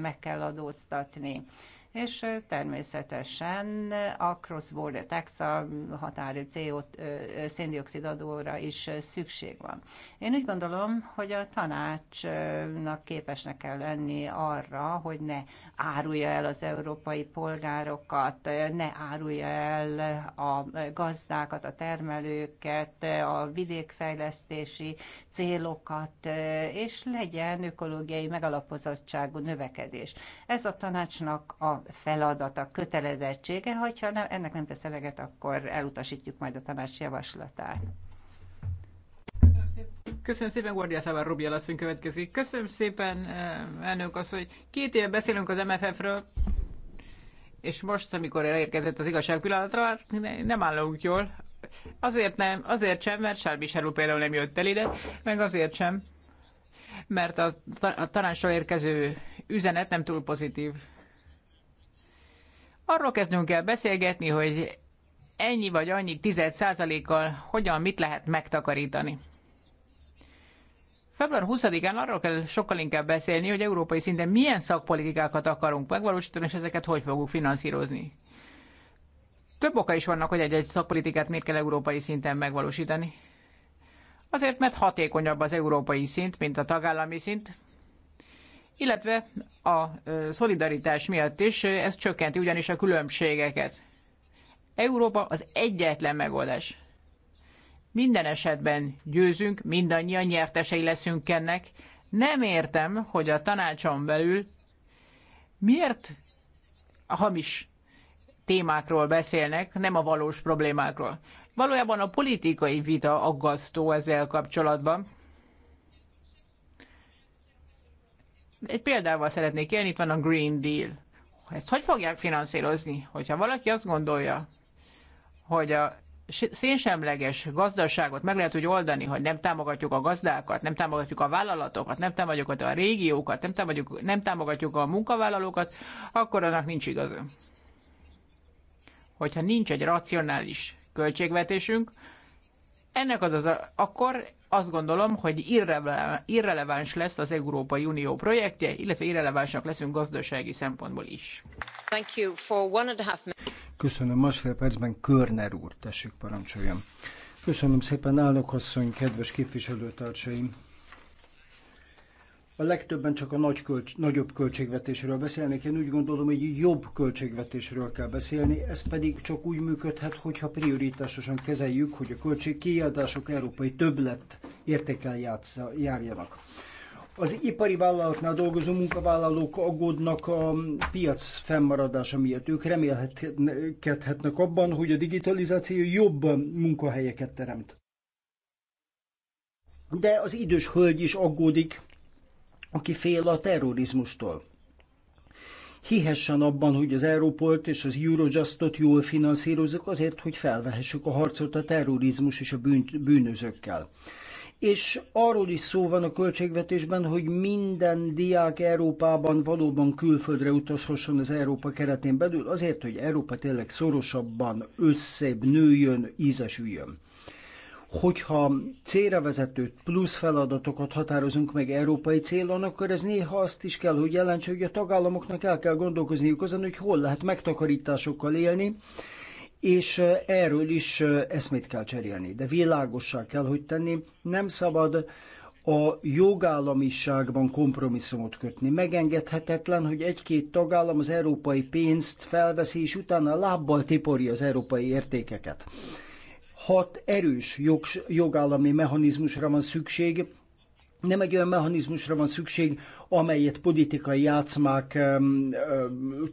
meg kell adóztatni és természetesen a cross-border tax, a határi CO széndiokszid adóra is szükség van. Én úgy gondolom, hogy a tanácsnak képesnek kell lenni arra, hogy ne árulja el az európai polgárokat, ne árulja el a gazdákat, a termelőket, a vidékfejlesztési célokat, és legyen ökológiai megalapozottságú növekedés. Ez a tanácsnak a a feladata, kötelezettsége, hogyha nem, ennek nem tesz eleget, akkor elutasítjuk majd a tanács javaslatát. Köszönöm szépen, Gordia Fávár Robi asszony következik. Köszönöm szépen, eh, elnök az, hogy két éve beszélünk az MFF-ről, és most, amikor elérkezett az igazság pillanatra, hát nem állunk jól. Azért nem, azért sem, mert Sárbi Sárú például nem jött el ide, meg azért sem, mert a, a tanácsra érkező üzenet nem túl pozitív. Arról kezdünk el beszélgetni, hogy ennyi vagy annyi tized százalékkal hogyan, mit lehet megtakarítani. Február 20-án arról kell sokkal inkább beszélni, hogy európai szinten milyen szakpolitikákat akarunk megvalósítani, és ezeket hogy fogunk finanszírozni. Több oka is vannak, hogy egy-egy szakpolitikát miért kell európai szinten megvalósítani. Azért, mert hatékonyabb az európai szint, mint a tagállami szint, illetve a szolidaritás miatt is ez csökkenti ugyanis a különbségeket. Európa az egyetlen megoldás. Minden esetben győzünk, mindannyian nyertesei leszünk ennek. Nem értem, hogy a tanácson belül miért a hamis témákról beszélnek, nem a valós problémákról. Valójában a politikai vita aggasztó ezzel kapcsolatban. Egy példával szeretnék élni, itt van a Green Deal. Ezt hogy fogják finanszírozni? Hogyha valaki azt gondolja, hogy a szénsemleges gazdaságot meg lehet úgy oldani, hogy nem támogatjuk a gazdákat, nem támogatjuk a vállalatokat, nem támogatjuk a régiókat, nem támogatjuk, nem támogatjuk a munkavállalókat, akkor annak nincs igaza. Hogyha nincs egy racionális költségvetésünk, ennek az az, akkor azt gondolom, hogy irreleváns lesz az Európai Unió projektje, illetve irrelevánsak leszünk gazdasági szempontból is. Thank you for one and a half Köszönöm, másfél percben Körner úr, tessék parancsoljon. Köszönöm szépen, állok asszony, kedves képviselőtársaim! A legtöbben csak a nagy költs- nagyobb költségvetésről beszélnek, én úgy gondolom, hogy jobb költségvetésről kell beszélni, ez pedig csak úgy működhet, hogyha prioritásosan kezeljük, hogy a költségkiadások kiadások európai többlet értékkel járjanak. Az ipari vállalatnál dolgozó munkavállalók aggódnak a piac fennmaradása miatt. Ők remélhetnek abban, hogy a digitalizáció jobb munkahelyeket teremt. De az idős hölgy is aggódik, aki fél a terrorizmustól. Hihessen abban, hogy az Európolt és az Eurojustot jól finanszírozzuk azért, hogy felvehessük a harcot a terrorizmus és a bűn, bűnözőkkel és arról is szó van a költségvetésben, hogy minden diák Európában valóban külföldre utazhasson az Európa keretén belül, azért, hogy Európa tényleg szorosabban összebb nőjön, ízesüljön. Hogyha célra vezető plusz feladatokat határozunk meg európai célon, akkor ez néha azt is kell, hogy jelentse, hogy a tagállamoknak el kell gondolkozniuk azon, hogy hol lehet megtakarításokkal élni, és eh, erről is eh, eszmét kell cserélni. De világossá kell, hogy tenni, nem szabad a jogállamiságban kompromisszumot kötni. Megengedhetetlen, hogy egy-két tagállam az európai pénzt felveszi, és utána lábbal tiporja az európai értékeket hat erős jog, jogállami mechanizmusra van szükség, nem egy olyan mechanizmusra van szükség, amelyet politikai játszmák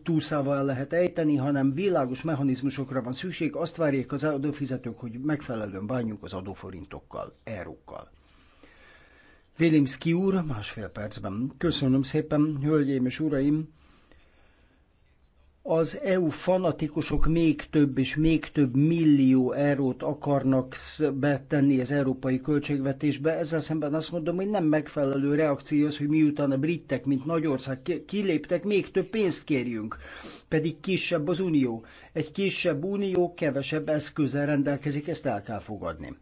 túlszával el lehet ejteni, hanem világos mechanizmusokra van szükség. Azt várják az adófizetők, hogy megfelelően bánjuk az adóforintokkal, eurókkal. Vélimszki úr, másfél percben. Köszönöm szépen, hölgyeim és uraim! az EU fanatikusok még több és még több millió eurót akarnak betenni az európai költségvetésbe. Ezzel szemben azt mondom, hogy nem megfelelő reakció az, hogy miután a britek, mint Nagyország kiléptek, még több pénzt kérjünk. Pedig kisebb az unió. Egy kisebb unió kevesebb eszközzel rendelkezik, ezt el kell fogadni.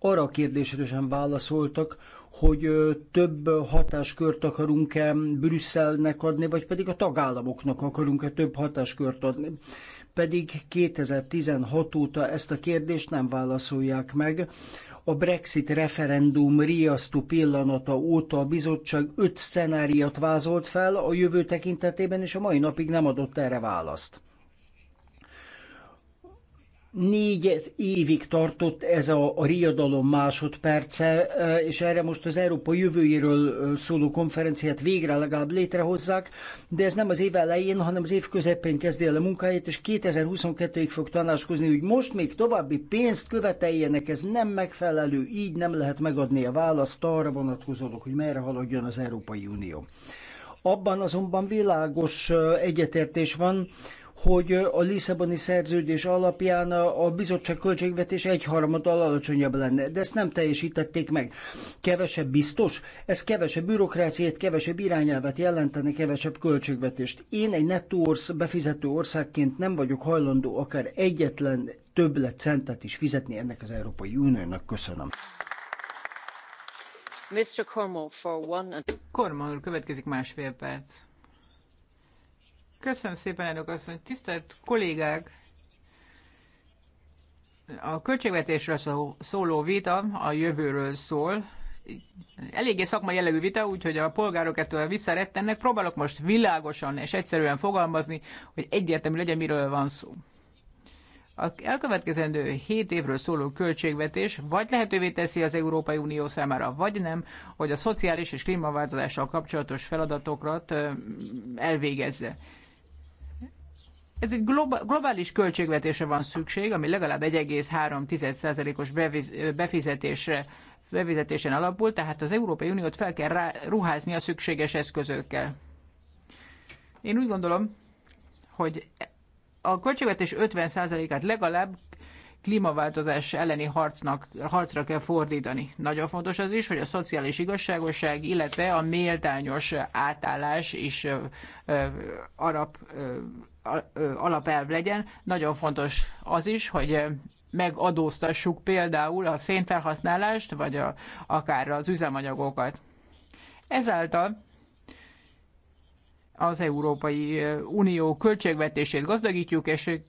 Arra a kérdésre sem válaszoltak, hogy több hatáskört akarunk-e Brüsszelnek adni, vagy pedig a tagállamoknak akarunk-e több hatáskört adni. Pedig 2016 óta ezt a kérdést nem válaszolják meg. A Brexit referendum riasztó pillanata óta a bizottság öt szenáriat vázolt fel a jövő tekintetében, és a mai napig nem adott erre választ. Négy évig tartott ez a, a riadalom másodperce, és erre most az Európa jövőjéről szóló konferenciát végre legalább létrehozzák, de ez nem az év elején, hanem az év közepén kezdi el a munkáját, és 2022-ig fog tanáskozni, hogy most még további pénzt követeljenek, ez nem megfelelő, így nem lehet megadni a választ arra vonatkozólag, hogy merre haladjon az Európai Unió. Abban azonban világos egyetértés van, hogy a Lisszaboni szerződés alapján a bizottság költségvetés egyharmad alacsonyabb lenne, de ezt nem teljesítették meg. Kevesebb biztos, ez kevesebb bürokráciát, kevesebb irányelvet jelentene, kevesebb költségvetést. Én egy nettó orsz, befizető országként nem vagyok hajlandó akár egyetlen többlet centet is fizetni ennek az Európai Uniónak. Köszönöm. Mr. Cornwall, for one and... Cornwall, következik másfél perc. Köszönöm szépen, elnök asszony. Tisztelt kollégák! A költségvetésről szóló vita a jövőről szól. Eléggé szakmai jellegű vita, úgyhogy a polgárok ettől visszarettennek. Próbálok most világosan és egyszerűen fogalmazni, hogy egyértelmű legyen, miről van szó. A elkövetkezendő 7 évről szóló költségvetés vagy lehetővé teszi az Európai Unió számára, vagy nem, hogy a szociális és klímaváltozással kapcsolatos feladatokat elvégezze. Ez egy globális költségvetése van szükség, ami legalább 1,3%-os befizetésre bevezetésen alapul, tehát az Európai Uniót fel kell rá, ruházni a szükséges eszközökkel. Én úgy gondolom, hogy a költségvetés 50%-át legalább klímaváltozás elleni harcnak, harcra kell fordítani. Nagyon fontos az is, hogy a szociális igazságosság, illetve a méltányos átállás is arab alapelv legyen. Nagyon fontos az is, hogy megadóztassuk például a szénfelhasználást, vagy a, akár az üzemanyagokat. Ezáltal az Európai Unió költségvetését gazdagítjuk, és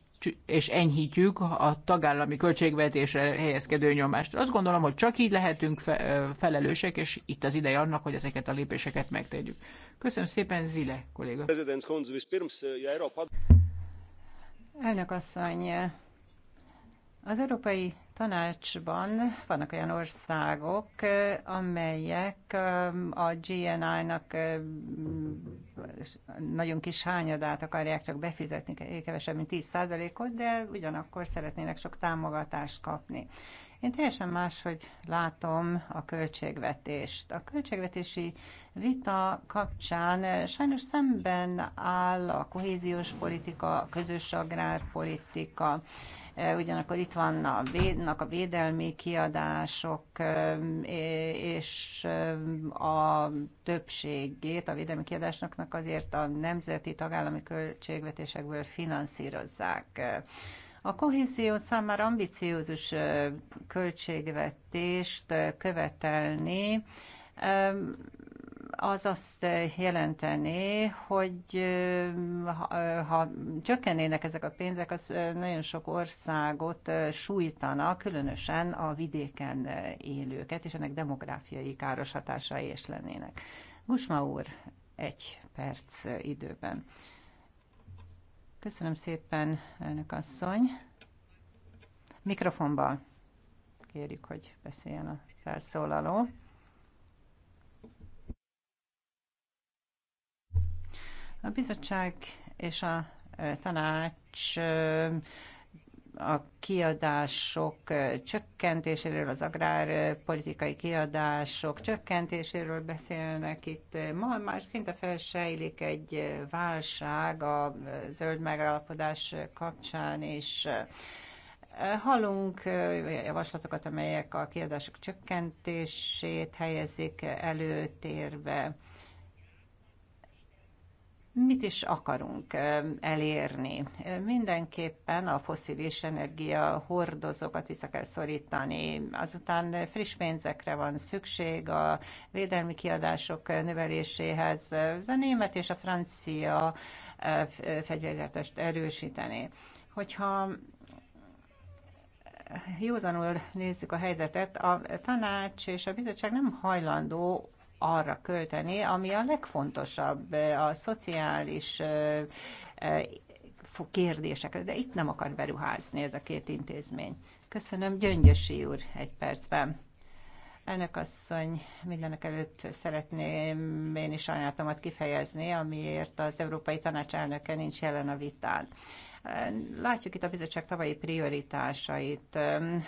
és enyhítjük a tagállami költségvetésre helyezkedő nyomást. Azt gondolom, hogy csak így lehetünk felelősek, és itt az ideje annak, hogy ezeket a lépéseket megtegyük. Köszönöm szépen, Zile kolléga. Elnök asszony, az Európai tanácsban vannak olyan országok, amelyek a GNI-nak nagyon kis hányadát akarják csak befizetni, kevesebb, mint 10%-ot, de ugyanakkor szeretnének sok támogatást kapni. Én teljesen máshogy látom a költségvetést. A költségvetési vita kapcsán sajnos szemben áll a kohéziós politika, a közös agrárpolitika. E, ugyanakkor itt vannak a védelmi kiadások, e, és e, a többségét a védelmi kiadásoknak azért a nemzeti tagállami költségvetésekből finanszírozzák. A kohézió számára ambiciózus költségvetést követelni az azt jelenteni, hogy ha, ha csökkennének ezek a pénzek, az nagyon sok országot sújtana, különösen a vidéken élőket, és ennek demográfiai káros hatásai is lennének. Gusma úr, egy perc időben. Köszönöm szépen, elnök asszony. Mikrofonba kérjük, hogy beszéljen a felszólaló. A bizottság és a tanács a kiadások csökkentéséről, az agrárpolitikai kiadások csökkentéséről beszélnek itt. Ma már szinte felsejlik egy válság a zöld megállapodás kapcsán, és Hallunk javaslatokat, amelyek a kiadások csökkentését helyezik előtérbe mit is akarunk elérni. Mindenképpen a foszilis energia hordozókat vissza kell szorítani, azután friss pénzekre van szükség a védelmi kiadások növeléséhez, a német és a francia fegyverzetest erősíteni. Hogyha józanul nézzük a helyzetet, a tanács és a bizottság nem hajlandó arra költeni, ami a legfontosabb, eh, a szociális eh, eh, kérdésekre, de itt nem akar beruházni ez a két intézmény. Köszönöm, Gyöngyösi úr, egy percben. Elnök asszony, mindenek előtt szeretném én is sajnálatomat kifejezni, amiért az Európai Tanács elnöke nincs jelen a vitán. Látjuk itt a bizottság tavalyi prioritásait.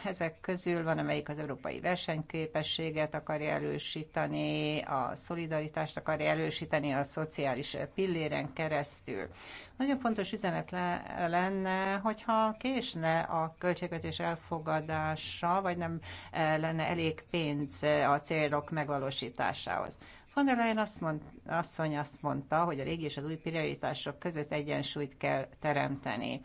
Ezek közül van, amelyik az európai versenyképességet akarja elősíteni, a szolidaritást akarja elősíteni a szociális pilléren keresztül. Nagyon fontos üzenet le, lenne, hogyha késne a költségvetés elfogadása, vagy nem eh, lenne elég pénz eh, a célok megvalósításához. Von der Leyen azt mond, asszony azt mondta, hogy a régi és az új prioritások között egyensúlyt kell teremteni.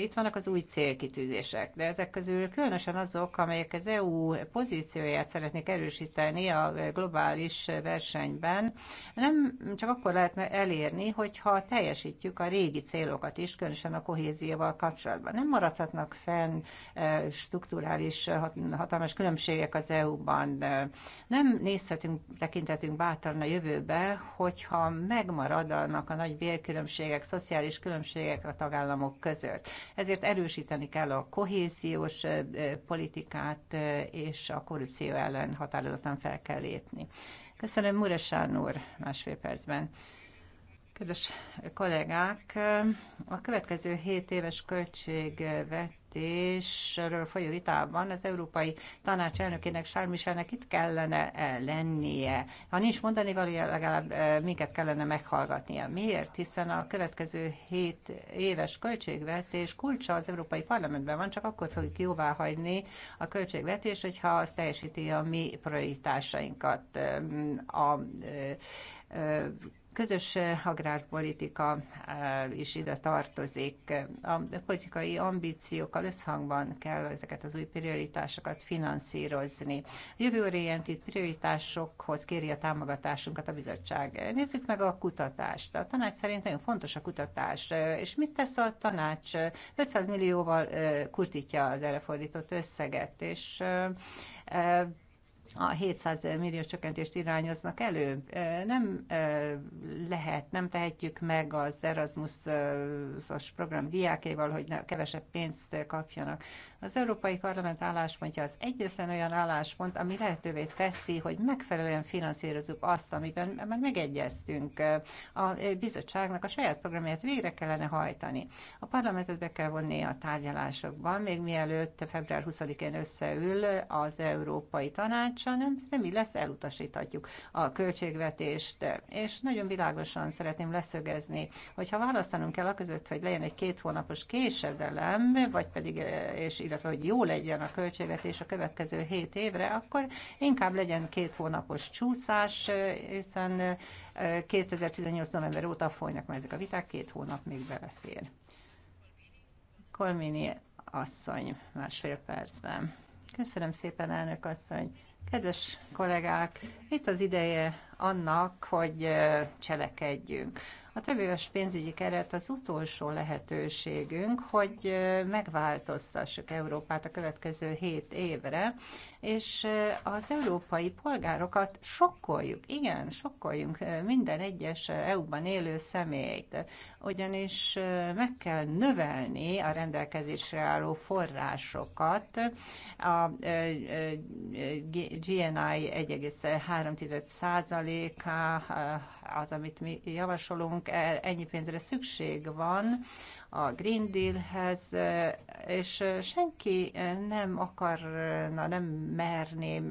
Itt vannak az új célkitűzések, de ezek közül különösen azok, amelyek az EU pozícióját szeretnék erősíteni a globális versenyben, nem csak akkor lehet elérni, hogyha teljesítjük a régi célokat is, különösen a kohézióval kapcsolatban. Nem maradhatnak fenn e, strukturális hatalmas különbségek az EU-ban. Nem nézhetünk, tekintetünk bátran a jövőbe, hogyha megmaradnak a nagy bérkülönbségek, szociális különbségek a tagállamok között volt. Ezért erősíteni kell a kohéziós politikát, és a korrupció ellen határozottan fel kell lépni. Köszönöm Muresán úr másfél percben. Kedves kollégák, a következő 7 éves költségvet költségvetésről folyó vitában az Európai Tanács elnökének, Sármiselnek itt kellene eh, lennie. Ha nincs mondani valója, legalább eh, minket kellene meghallgatnia. Miért? Hiszen a következő 7 éves költségvetés kulcsa az Európai Parlamentben van, csak akkor fogjuk jóvá hagyni a költségvetés hogyha az teljesíti a mi prioritásainkat. A, a, eh, a közös eh, agrárpolitika eh, is ide tartozik. A politikai ambíciókkal összhangban kell ezeket az új prioritásokat finanszírozni. A jövőorientált prioritásokhoz kéri a támogatásunkat a bizottság. Nézzük meg a kutatást. A tanács szerint nagyon fontos a kutatás. És mit tesz a tanács? 500 millióval eh, kurtítja az erre fordított összeget, és a 700 millió csökkentést irányoznak elő. Nem lehet, nem tehetjük meg az Erasmus-os program diákéval, hogy kevesebb pénzt kapjanak. Az Európai Parlament álláspontja az egyetlen olyan álláspont, ami lehetővé teszi, hogy megfelelően finanszírozzuk azt, amiben már megegyeztünk. A bizottságnak a saját programját végre kellene hajtani. A parlamentet be kell vonni a tárgyalásokban, még mielőtt február 20-én összeül az Európai Tanácsa, nem, nem így lesz, elutasíthatjuk a költségvetést. És nagyon világosan szeretném leszögezni, hogyha választanunk kell a között, hogy legyen egy két hónapos késedelem, vagy pedig és illetve hogy jó legyen a költségvetés a következő 7 évre, akkor inkább legyen két hónapos csúszás, hiszen 2018. november óta folynak már ezek a viták, két hónap még belefér. Kolmini asszony, másfél percben. Köszönöm szépen, elnök asszony. Kedves kollégák, itt az ideje annak, hogy cselekedjünk. A többéves pénzügyi keret az utolsó lehetőségünk, hogy megváltoztassuk Európát a következő hét évre, és az európai polgárokat sokkoljuk, igen, sokkoljunk minden egyes EU-ban élő személyt, ugyanis meg kell növelni a rendelkezésre álló forrásokat, a GNI 1,3%-a az, amit mi javasolunk, e, ennyi pénzre szükség van, a Green Dealhez, és senki nem akarna, nem merné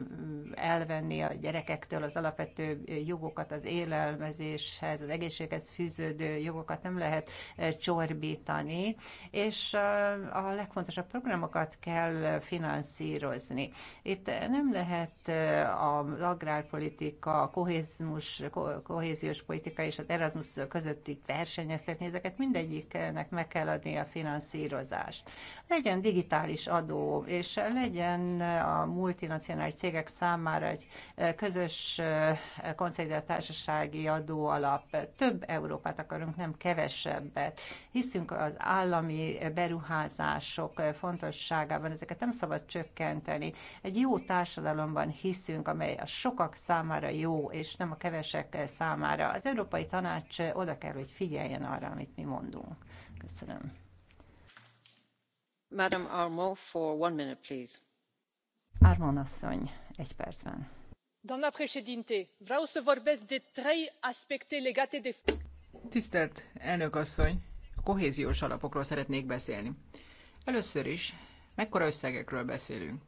elvenni a gyerekektől az alapvető jogokat, az élelmezéshez, az egészséghez fűződő jogokat nem lehet eh, csorbítani, és eh, a legfontosabb programokat kell finanszírozni. Itt nem lehet eh, az agrárpolitika, a kohézmus, kohéziós politika és az Erasmus között itt versenyeztetni, ezeket mindegyiknek meg kell adni a finanszírozást. Legyen digitális adó, és legyen a multinacionális cégek számára egy közös konszolidált társasági alap. Több Európát akarunk, nem kevesebbet. Hiszünk az állami beruházások fontosságában, ezeket nem szabad csökkenteni. Egy jó társadalomban hiszünk, amely a sokak számára jó, és nem a kevesek számára. Az Európai Tanács oda kell, hogy figyeljen arra, amit mi mondunk. Madam for one minute, please. egy vreau să vorbesc de trei aspecte legate de... Tisztelt elnök asszony, a kohéziós alapokról szeretnék beszélni. Először is, mekkora összegekről beszélünk?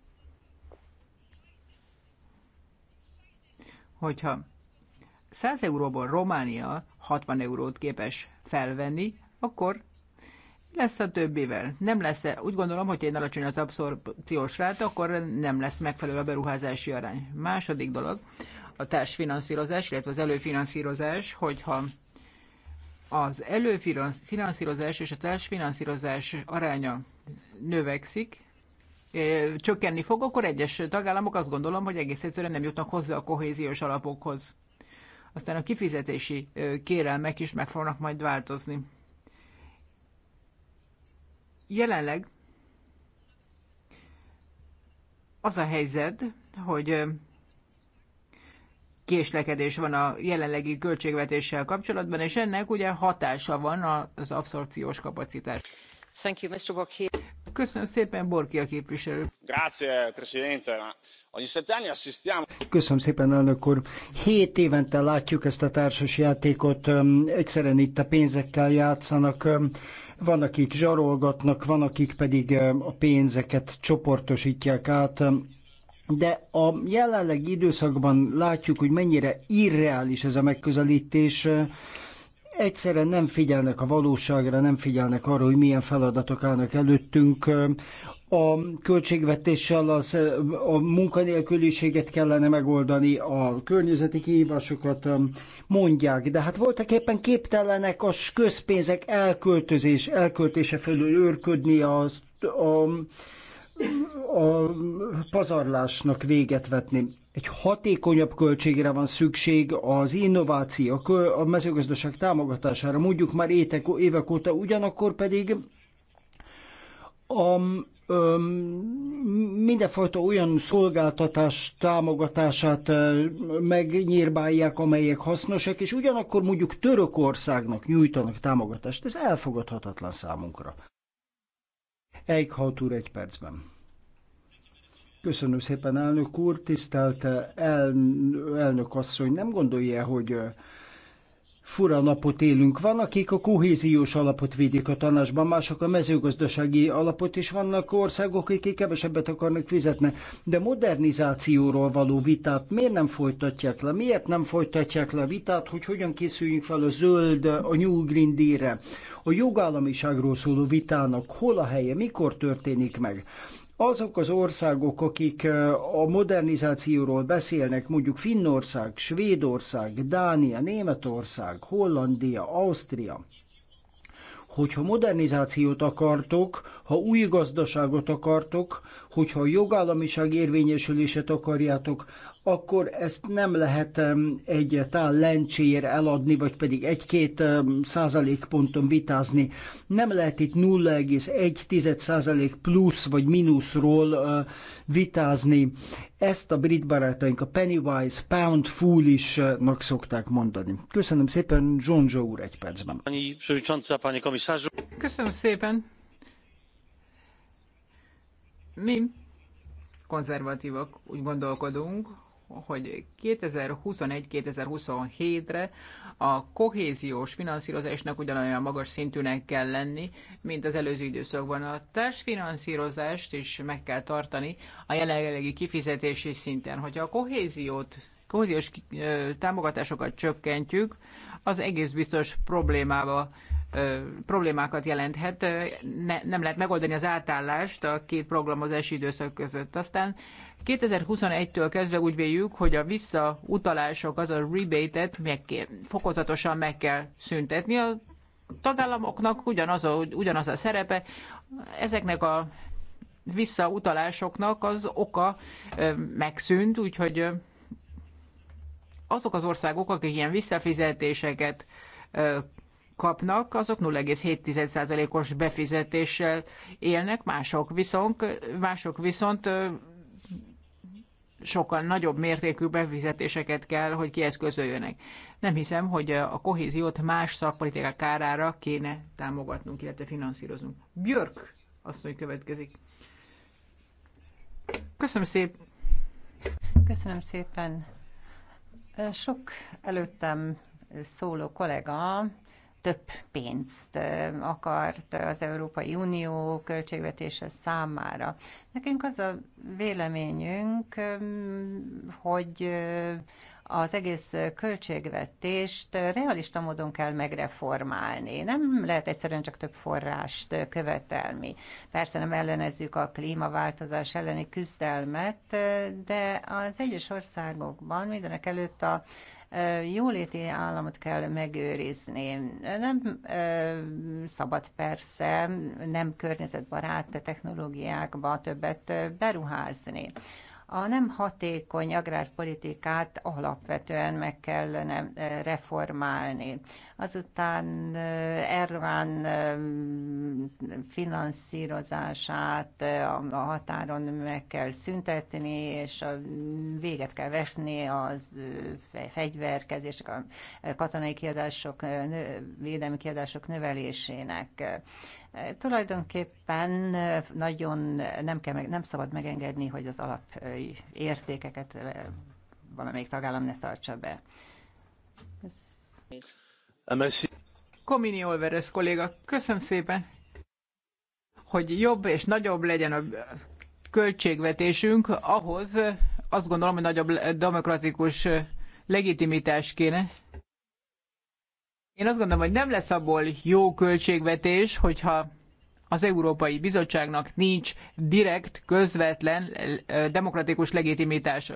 Hogyha 100 euróból Románia 60 eurót képes felvenni, akkor lesz a többivel? Nem lesz -e? Úgy gondolom, hogy én alacsony az abszorpciós ráta, akkor nem lesz megfelelő a beruházási arány. Második dolog, a társfinanszírozás, illetve az előfinanszírozás, hogyha az előfinanszírozás és a társfinanszírozás aránya növekszik, csökkenni fog, akkor egyes tagállamok azt gondolom, hogy egész egyszerűen nem jutnak hozzá a kohéziós alapokhoz. Aztán a kifizetési kérelmek is meg fognak majd változni. Jelenleg az a helyzet, hogy késlekedés van a jelenlegi költségvetéssel kapcsolatban, és ennek ugye hatása van az abszorpciós kapacitás. Thank you, Mr. Köszönöm szépen, a képviselő. Grazie, Presidente. Köszönöm szépen, elnök úr. Hét évente látjuk ezt a társas játékot, egyszerűen itt a pénzekkel játszanak van, akik zsarolgatnak, van, akik pedig eh, a pénzeket csoportosítják át, de a jelenlegi időszakban látjuk, hogy mennyire irreális ez a megközelítés. Egyszerűen nem figyelnek a valóságra, nem figyelnek arra, hogy milyen feladatok állnak előttünk a költségvetéssel az, a munkanélküliséget kellene megoldani, a környezeti kihívásokat um, mondják, de hát voltak éppen képtelenek a közpénzek elköltözés, elköltése felől őrködni a, a, a pazarlásnak véget vetni. Egy hatékonyabb költségre van szükség az innováció, a mezőgazdaság támogatására, mondjuk már étek, évek óta, ugyanakkor pedig a um, mindenfajta olyan szolgáltatás támogatását megnyírbálják, amelyek hasznosak, és ugyanakkor mondjuk Törökországnak nyújtanak támogatást. Ez elfogadhatatlan számunkra. Eichhaut úr egy percben. Köszönöm szépen, elnök úr, tisztelt el, elnök asszony, nem gondolja, hogy fura napot élünk. Van, akik a kohéziós alapot védik a tanásban, mások a mezőgazdasági alapot is vannak országok, akik kevesebbet akarnak fizetni. De modernizációról való vitát miért nem folytatják le? Miért nem folytatják le a vitát, hogy hogyan készüljünk fel a zöld, a New Green Deal-re? A jogállamiságról szóló vitának hol a helye, mikor történik meg? azok az országok, akik a modernizációról beszélnek, mondjuk Finnország, Svédország, Dánia, Németország, Hollandia, Ausztria, hogyha modernizációt akartok, ha új gazdaságot akartok, hogyha a jogállamiság érvényesülését akarjátok, akkor ezt nem lehet egy tál lencséért eladni, vagy pedig egy-két százalékponton vitázni. Nem lehet itt 0,1 százalék plusz vagy mínuszról vitázni. Ezt a brit barátaink, a Pennywise Pound Foolish-nak szokták mondani. Köszönöm szépen, John Joe úr egy percben. Köszönöm szépen. Mi konzervatívak úgy gondolkodunk, hogy 2021-2027-re a kohéziós finanszírozásnak ugyanolyan magas szintűnek kell lenni, mint az előző időszakban. A társfinanszírozást is meg kell tartani a jelenlegi kifizetési szinten. Hogyha a kohéziót, kohéziós támogatásokat csökkentjük, az egész biztos problémába problémákat jelenthet. Ne, nem lehet megoldani az átállást a két programozási időszak között. Aztán 2021-től kezdve úgy véljük, hogy a visszautalásokat, a rebate-et meg, fokozatosan meg kell szüntetni. A tagállamoknak ugyanaz a, ugyanaz a szerepe. Ezeknek a visszautalásoknak az oka megszűnt, úgyhogy azok az országok, akik ilyen visszafizetéseket kapnak, azok 0,7%-os befizetéssel élnek, mások viszont, mások viszont sokkal nagyobb mértékű befizetéseket kell, hogy kieszközöljönek. Nem hiszem, hogy a kohéziót más szakpolitikák kárára kéne támogatnunk, illetve finanszíroznunk. Björk asszony következik. Köszönöm szépen. Köszönöm szépen. Sok előttem szóló kollega több pénzt akart az Európai Unió költségvetése számára. Nekünk az a véleményünk, hogy az egész költségvetést realista módon kell megreformálni. Nem lehet egyszerűen csak több forrást követelni. Persze nem ellenezzük a klímaváltozás elleni küzdelmet, de az egyes országokban mindenek előtt a jóléti államot kell megőrizni. Nem szabad persze nem környezetbarát technológiákba többet beruházni. A nem hatékony agrárpolitikát alapvetően meg kellene eh, reformálni. Azután eh, Erdogan eh, finanszírozását a határon meg kell szüntetni, és a véget kell vetni az fegyverkezés, a katonai kiadások, védelmi kiadások növelésének. Tulajdonképpen nagyon nem, kell, nem szabad megengedni, hogy az alap értékeket valamelyik tagállam ne tartsa be. Ah, Komini Olveres kolléga, köszönöm szépen, hogy jobb és nagyobb legyen a költségvetésünk, ahhoz azt gondolom, hogy nagyobb demokratikus legitimitás kéne. Én azt gondolom, hogy nem lesz abból jó költségvetés, hogyha az Európai Bizottságnak nincs direkt, közvetlen demokratikus legitimitása.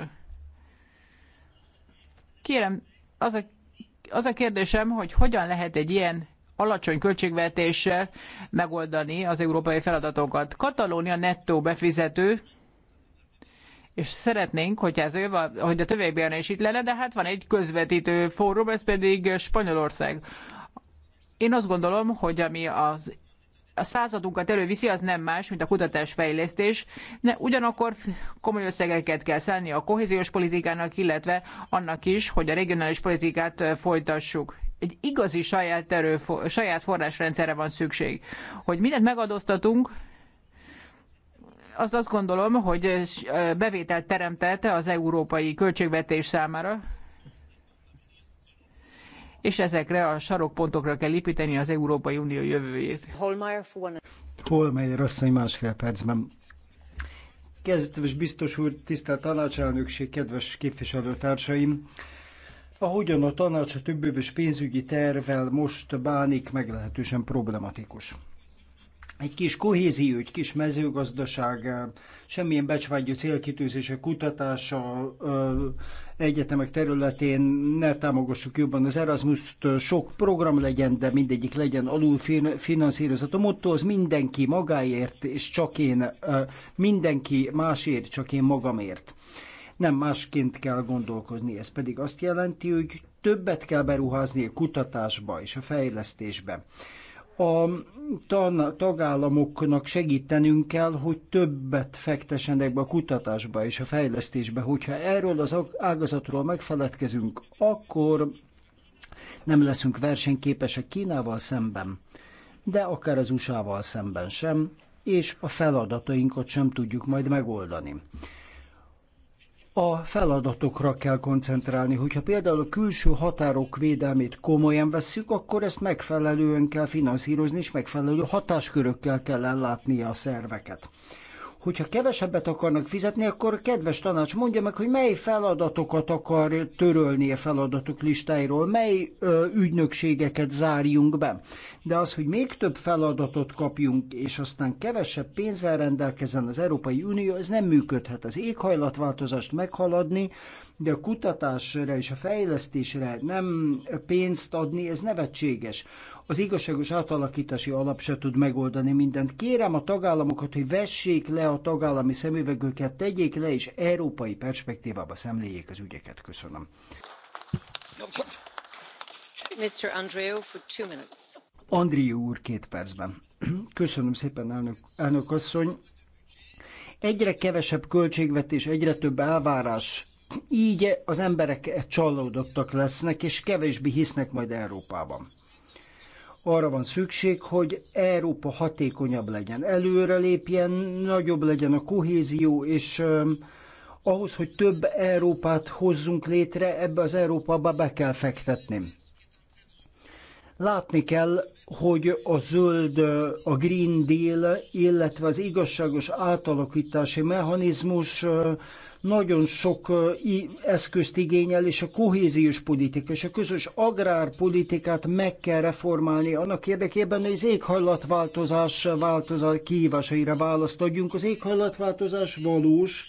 Kérem, az a, az a kérdésem, hogy hogyan lehet egy ilyen alacsony költségvetéssel megoldani az európai feladatokat. Katalónia nettó befizető, és szeretnénk, hogy, ez ő, hogy a tövékben is itt lenne, de hát van egy közvetítő fórum, ez pedig Spanyolország. Én azt gondolom, hogy ami az a századunkat előviszi, az nem más, mint a kutatásfejlesztés, Ne ugyanakkor komoly összegeket kell szállni a kohéziós politikának, illetve annak is, hogy a regionális politikát folytassuk. Egy igazi saját, erő, saját forrásrendszerre van szükség. Hogy mindent megadóztatunk, az azt gondolom, hogy eh, eh, bevételt teremtette az európai költségvetés számára, és ezekre a sarokpontokra kell építeni az Európai Unió jövőjét. Holmeyer asszony másfél percben. Kezdetves biztos úr, tisztelt tanácselnökség, kedves képviselőtársaim! Ahogyan a tanács a többéves pénzügyi tervvel most bánik, meglehetősen problematikus egy kis kohézió, egy kis mezőgazdaság, eh, semmilyen becsvágyú célkitűzése, kutatása eh, egyetemek területén ne támogassuk jobban az erasmus sok program legyen, de mindegyik legyen alul finanszírozott. A motto az mindenki magáért, és csak én, eh, mindenki másért, csak én magamért. Nem másként kell gondolkozni, ez pedig azt jelenti, hogy többet kell beruházni a kutatásba és a fejlesztésbe a tan tagállamoknak segítenünk kell, hogy többet fektessenek be a kutatásba és a fejlesztésbe. Hogyha erről az ágazatról megfeledkezünk, akkor nem leszünk versenyképesek Kínával szemben, de akár az USA-val szemben sem, és a feladatainkat sem tudjuk majd megoldani a feladatokra kell koncentrálni. Hogyha például a külső határok védelmét komolyan vesszük, akkor ezt megfelelően kell finanszírozni, és megfelelő hatáskörökkel kell ellátnia a szerveket hogyha kevesebbet akarnak fizetni, akkor kedves tanács mondja meg, hogy mely feladatokat akar törölni a feladatok listáiról, mely ö, ügynökségeket zárjunk be. De az, hogy még több feladatot kapjunk, és aztán kevesebb pénzzel rendelkezzen az Európai Unió, ez nem működhet. Az éghajlatváltozást meghaladni, de a kutatásra és a fejlesztésre nem pénzt adni, ez nevetséges az igazságos átalakítási alap se tud megoldani mindent. Kérem a tagállamokat, hogy vessék le a tagállami szemüvegöket, tegyék le, és európai perspektívába szemléljék az ügyeket. Köszönöm. Mr. Andreu, for two minutes. Andrió úr két percben. Köszönöm szépen, elnök, elnök asszony. Egyre kevesebb költségvetés, egyre több elvárás így az emberek csalódottak lesznek, és kevésbé hisznek majd Európában. Arra van szükség, hogy Európa hatékonyabb legyen, előrelépjen, nagyobb legyen a kohézió, és ahhoz, hogy több Európát hozzunk létre, ebbe az Európába be kell fektetni. Látni kell, hogy a zöld, a Green Deal, illetve az igazságos átalakítási mechanizmus nagyon sok eszközt igényel, és a kohéziós politika és a közös agrárpolitikát meg kell reformálni annak érdekében, hogy az éghajlatváltozás változás kihívásaira választ adjunk. Az éghajlatváltozás valós,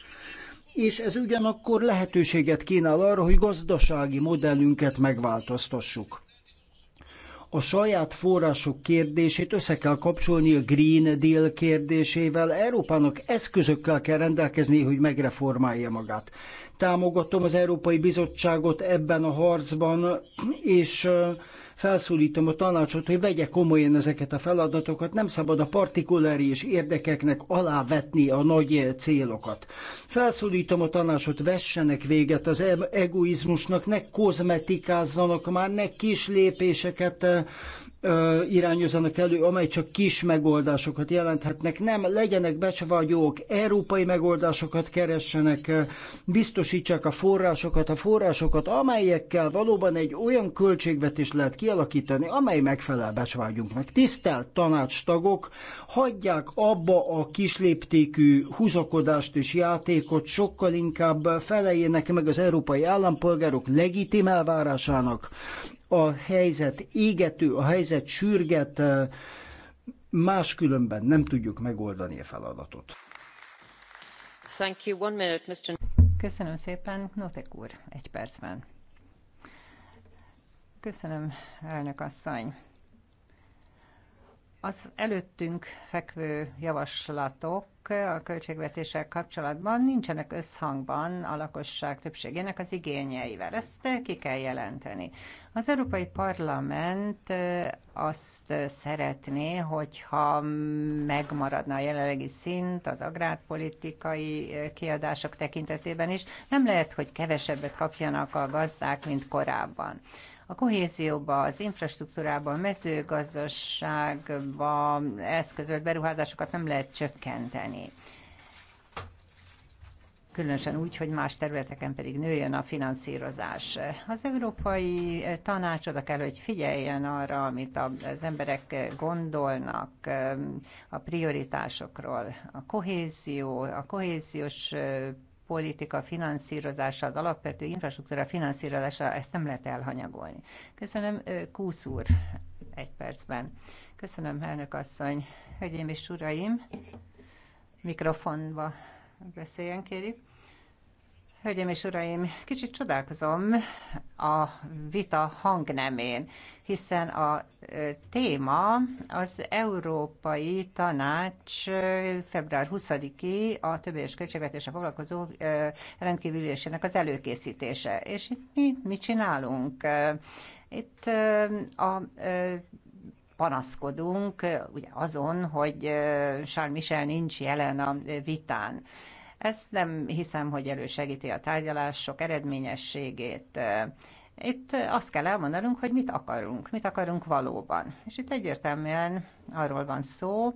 és ez ugyanakkor lehetőséget kínál arra, hogy gazdasági modellünket megváltoztassuk a saját források kérdését össze kell kapcsolni a Green Deal kérdésével. Európának eszközökkel kell rendelkezni, hogy megreformálja magát. Támogatom az Európai Bizottságot ebben a harcban, és Felszólítom a tanácsot, hogy vegye komolyan ezeket a feladatokat, nem szabad a partikuláris érdekeknek alávetni a nagy célokat. Felszólítom a tanácsot, vessenek véget az e- egoizmusnak, ne kozmetikázzanak már, ne kis lépéseket irányozanak elő, amely csak kis megoldásokat jelenthetnek. Nem, legyenek becsavagyók, európai megoldásokat keressenek, biztosítsák a forrásokat, a forrásokat, amelyekkel valóban egy olyan költségvetést lehet kialakítani, amely megfelel becsvágyunknak. Tisztelt tanácstagok, hagyják abba a kisléptékű húzakodást és játékot, sokkal inkább feleljenek meg az európai állampolgárok legitim elvárásának, a helyzet égető, a helyzet sürget, máskülönben nem tudjuk megoldani a feladatot. Thank you. One minute, Mr. Köszönöm szépen, Notek úr, egy percben. Köszönöm, elnök asszony. Az előttünk fekvő javaslatok a költségvetéssel kapcsolatban nincsenek összhangban a lakosság többségének az igényeivel. Ezt ki kell jelenteni. Az Európai Parlament azt szeretné, hogyha megmaradna a jelenlegi szint az agrárpolitikai kiadások tekintetében is, nem lehet, hogy kevesebbet kapjanak a gazdák, mint korábban. A kohézióba, az infrastruktúrába, a mezőgazdaságba eszközölt beruházásokat nem lehet csökkenteni. Különösen úgy, hogy más területeken pedig nőjön a finanszírozás. Az Európai Tanács oda kell, hogy figyeljen arra, amit az emberek gondolnak a prioritásokról. A kohézió, a kohéziós politika finanszírozása, az alapvető infrastruktúra finanszírozása, ezt nem lehet elhanyagolni. Köszönöm, Kúsz úr, egy percben. Köszönöm, elnök asszony. Hölgyeim és uraim, mikrofonba beszéljen, kérjük. Hölgyeim és uraim, kicsit csodálkozom a vita hangnemén, hiszen a téma az Európai Tanács február 20-i a és költségvetésre foglalkozó rendkívülésének az előkészítése. És itt mi mit csinálunk? Itt a panaszkodunk ugye azon, hogy Charles Michel nincs jelen a vitán. Ezt nem hiszem, hogy elősegíti a tárgyalások eredményességét. Itt azt kell elmondanunk, hogy mit akarunk, mit akarunk valóban. És itt egyértelműen arról van szó,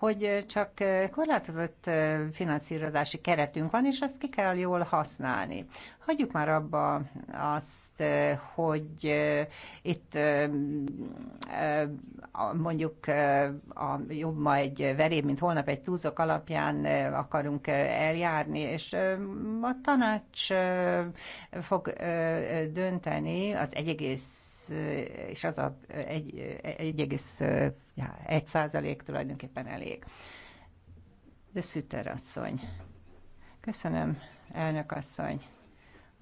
hogy csak korlátozott finanszírozási keretünk van, és azt ki kell jól használni. Hagyjuk már abba azt, hogy itt mondjuk a jobb ma egy veréb, mint holnap egy túlzok alapján akarunk eljárni, és a tanács fog dönteni az 1, és az a 1,5 ja, egy százalék tulajdonképpen elég. De Szüter asszony. Köszönöm, elnök asszony.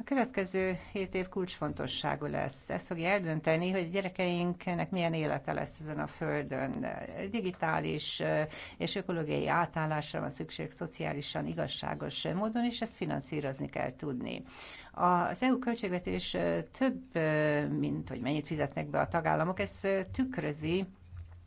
A következő hét év kulcsfontosságú lesz. Ez fogja eldönteni, hogy a gyerekeinknek milyen élete lesz ezen a földön. Digitális és ökológiai átállásra van szükség szociálisan igazságos módon, és ezt finanszírozni kell tudni. Az EU költségvetés több, mint hogy mennyit fizetnek be a tagállamok, ez tükrözi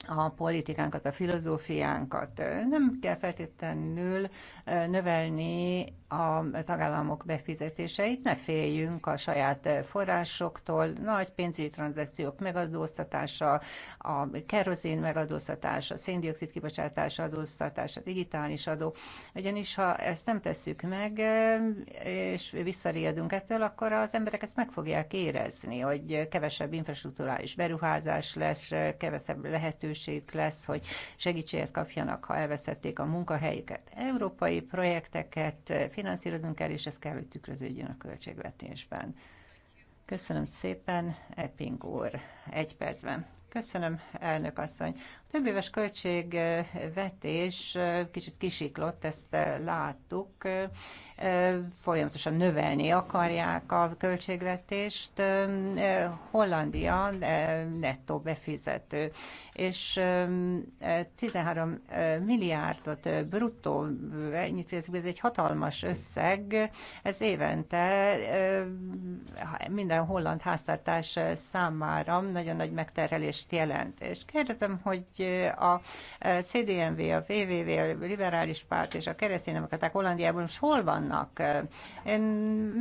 a politikánkat, a filozófiánkat. Nem kell feltétlenül növelni a tagállamok befizetéseit, ne féljünk a saját forrásoktól, nagy pénzügyi tranzakciók megadóztatása, a kerozén megadóztatása, a széndiokszid kibocsátása adóztatása, a digitális adó. Ugyanis ha ezt nem tesszük meg, és visszariadunk ettől, akkor az emberek ezt meg fogják érezni, hogy kevesebb infrastruktúrális beruházás lesz, kevesebb lehetőség lesz, hogy segítséget kapjanak, ha elvesztették a munkahelyüket. Európai projekteket finanszírozunk el és ez kell, hogy tükröződjön a költségvetésben. Köszönöm szépen, Epping úr. Egy percben. Köszönöm, elnök asszony. A több éves költségvetés kicsit kisiklott, ezt láttuk, folyamatosan növelni akarják a költségvetést. Hollandia nettó befizető, és 13 milliárdot bruttó, ennyit fizetik, ez egy hatalmas összeg, ez évente minden holland háztartás számára nagyon nagy megterhelést jelent. És kérdezem, hogy a CDMV, a VVV, a Liberális Párt és a kereszténydemokraták Hollandiában most hol vannak? vannak. Én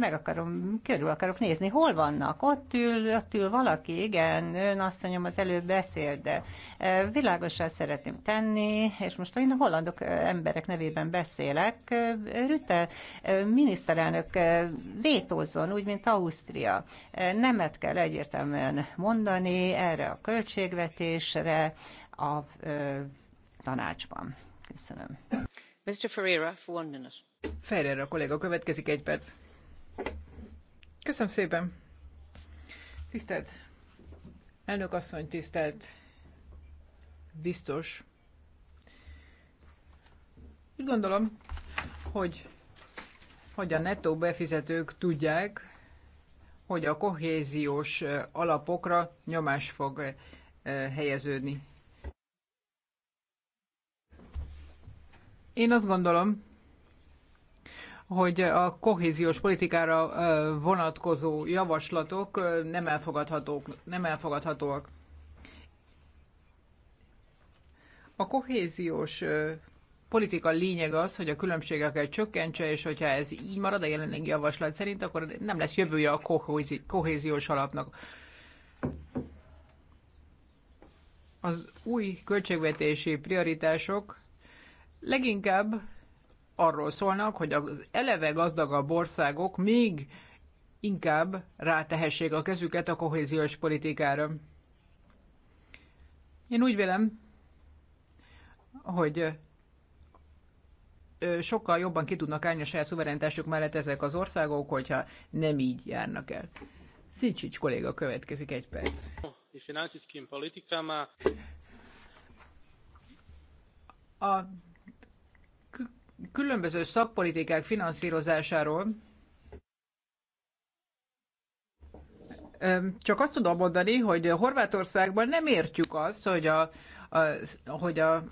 meg akarom, körül akarok nézni, hol vannak. Ott ül, ott ül valaki, igen, ön azt mondjam, az előbb beszél, de e, világosá szeretném tenni, és most én a hollandok e, emberek nevében beszélek. E, Rüte, miniszterelnök vétózzon, úgy, mint Ausztria. Nemet kell egyértelműen mondani erre a költségvetésre, a tanácsban. Köszönöm. Mr. Ferreira, for one minute. Ferrer a kolléga következik egy perc. Köszönöm szépen. Tisztelt elnök asszony, tisztelt biztos. Úgy gondolom, hogy, hogy a nettó befizetők tudják, hogy a kohéziós alapokra nyomás fog eh, helyeződni. Én azt gondolom, hogy a kohéziós politikára vonatkozó javaslatok nem elfogadhatók. Nem elfogadhatóak. A kohéziós politika lényeg az, hogy a különbségeket csökkentse, és hogyha ez így marad a jelenlegi javaslat szerint, akkor nem lesz jövője a kohéziós alapnak. Az új költségvetési prioritások leginkább arról szólnak, hogy az eleve gazdagabb országok még inkább rátehessék a kezüket a kohéziós politikára. Én úgy vélem, hogy sokkal jobban ki tudnak állni a saját szuverenitásuk mellett ezek az országok, hogyha nem így járnak el. Szincsics kolléga következik egy perc. A különböző szakpolitikák finanszírozásáról csak azt tudom mondani, hogy Horvátországban nem értjük azt, hogy a, a, hogy a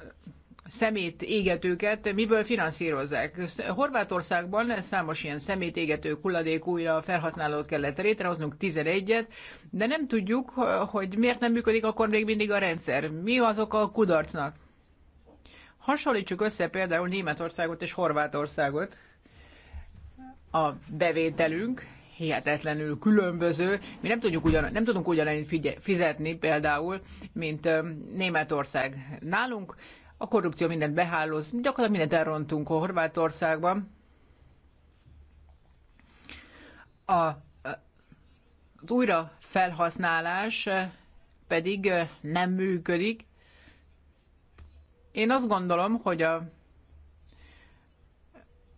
szemét égetőket miből finanszírozzák. Horvátországban számos ilyen szemét égető hulladék újra felhasználót kellett létrehoznunk, 11-et, de nem tudjuk, hogy miért nem működik akkor még mindig a rendszer. Mi azok a kudarcnak? Hasonlítsuk össze például Németországot és Horvátországot. A bevételünk hihetetlenül különböző. Mi nem, tudjuk ugyan, nem tudunk ugyanennyit fizetni például, mint Németország. Nálunk a korrupció mindent behálóz, gyakorlatilag mindent elrontunk a Horvátországban. A, az újra felhasználás pedig nem működik. Én azt gondolom, hogy a,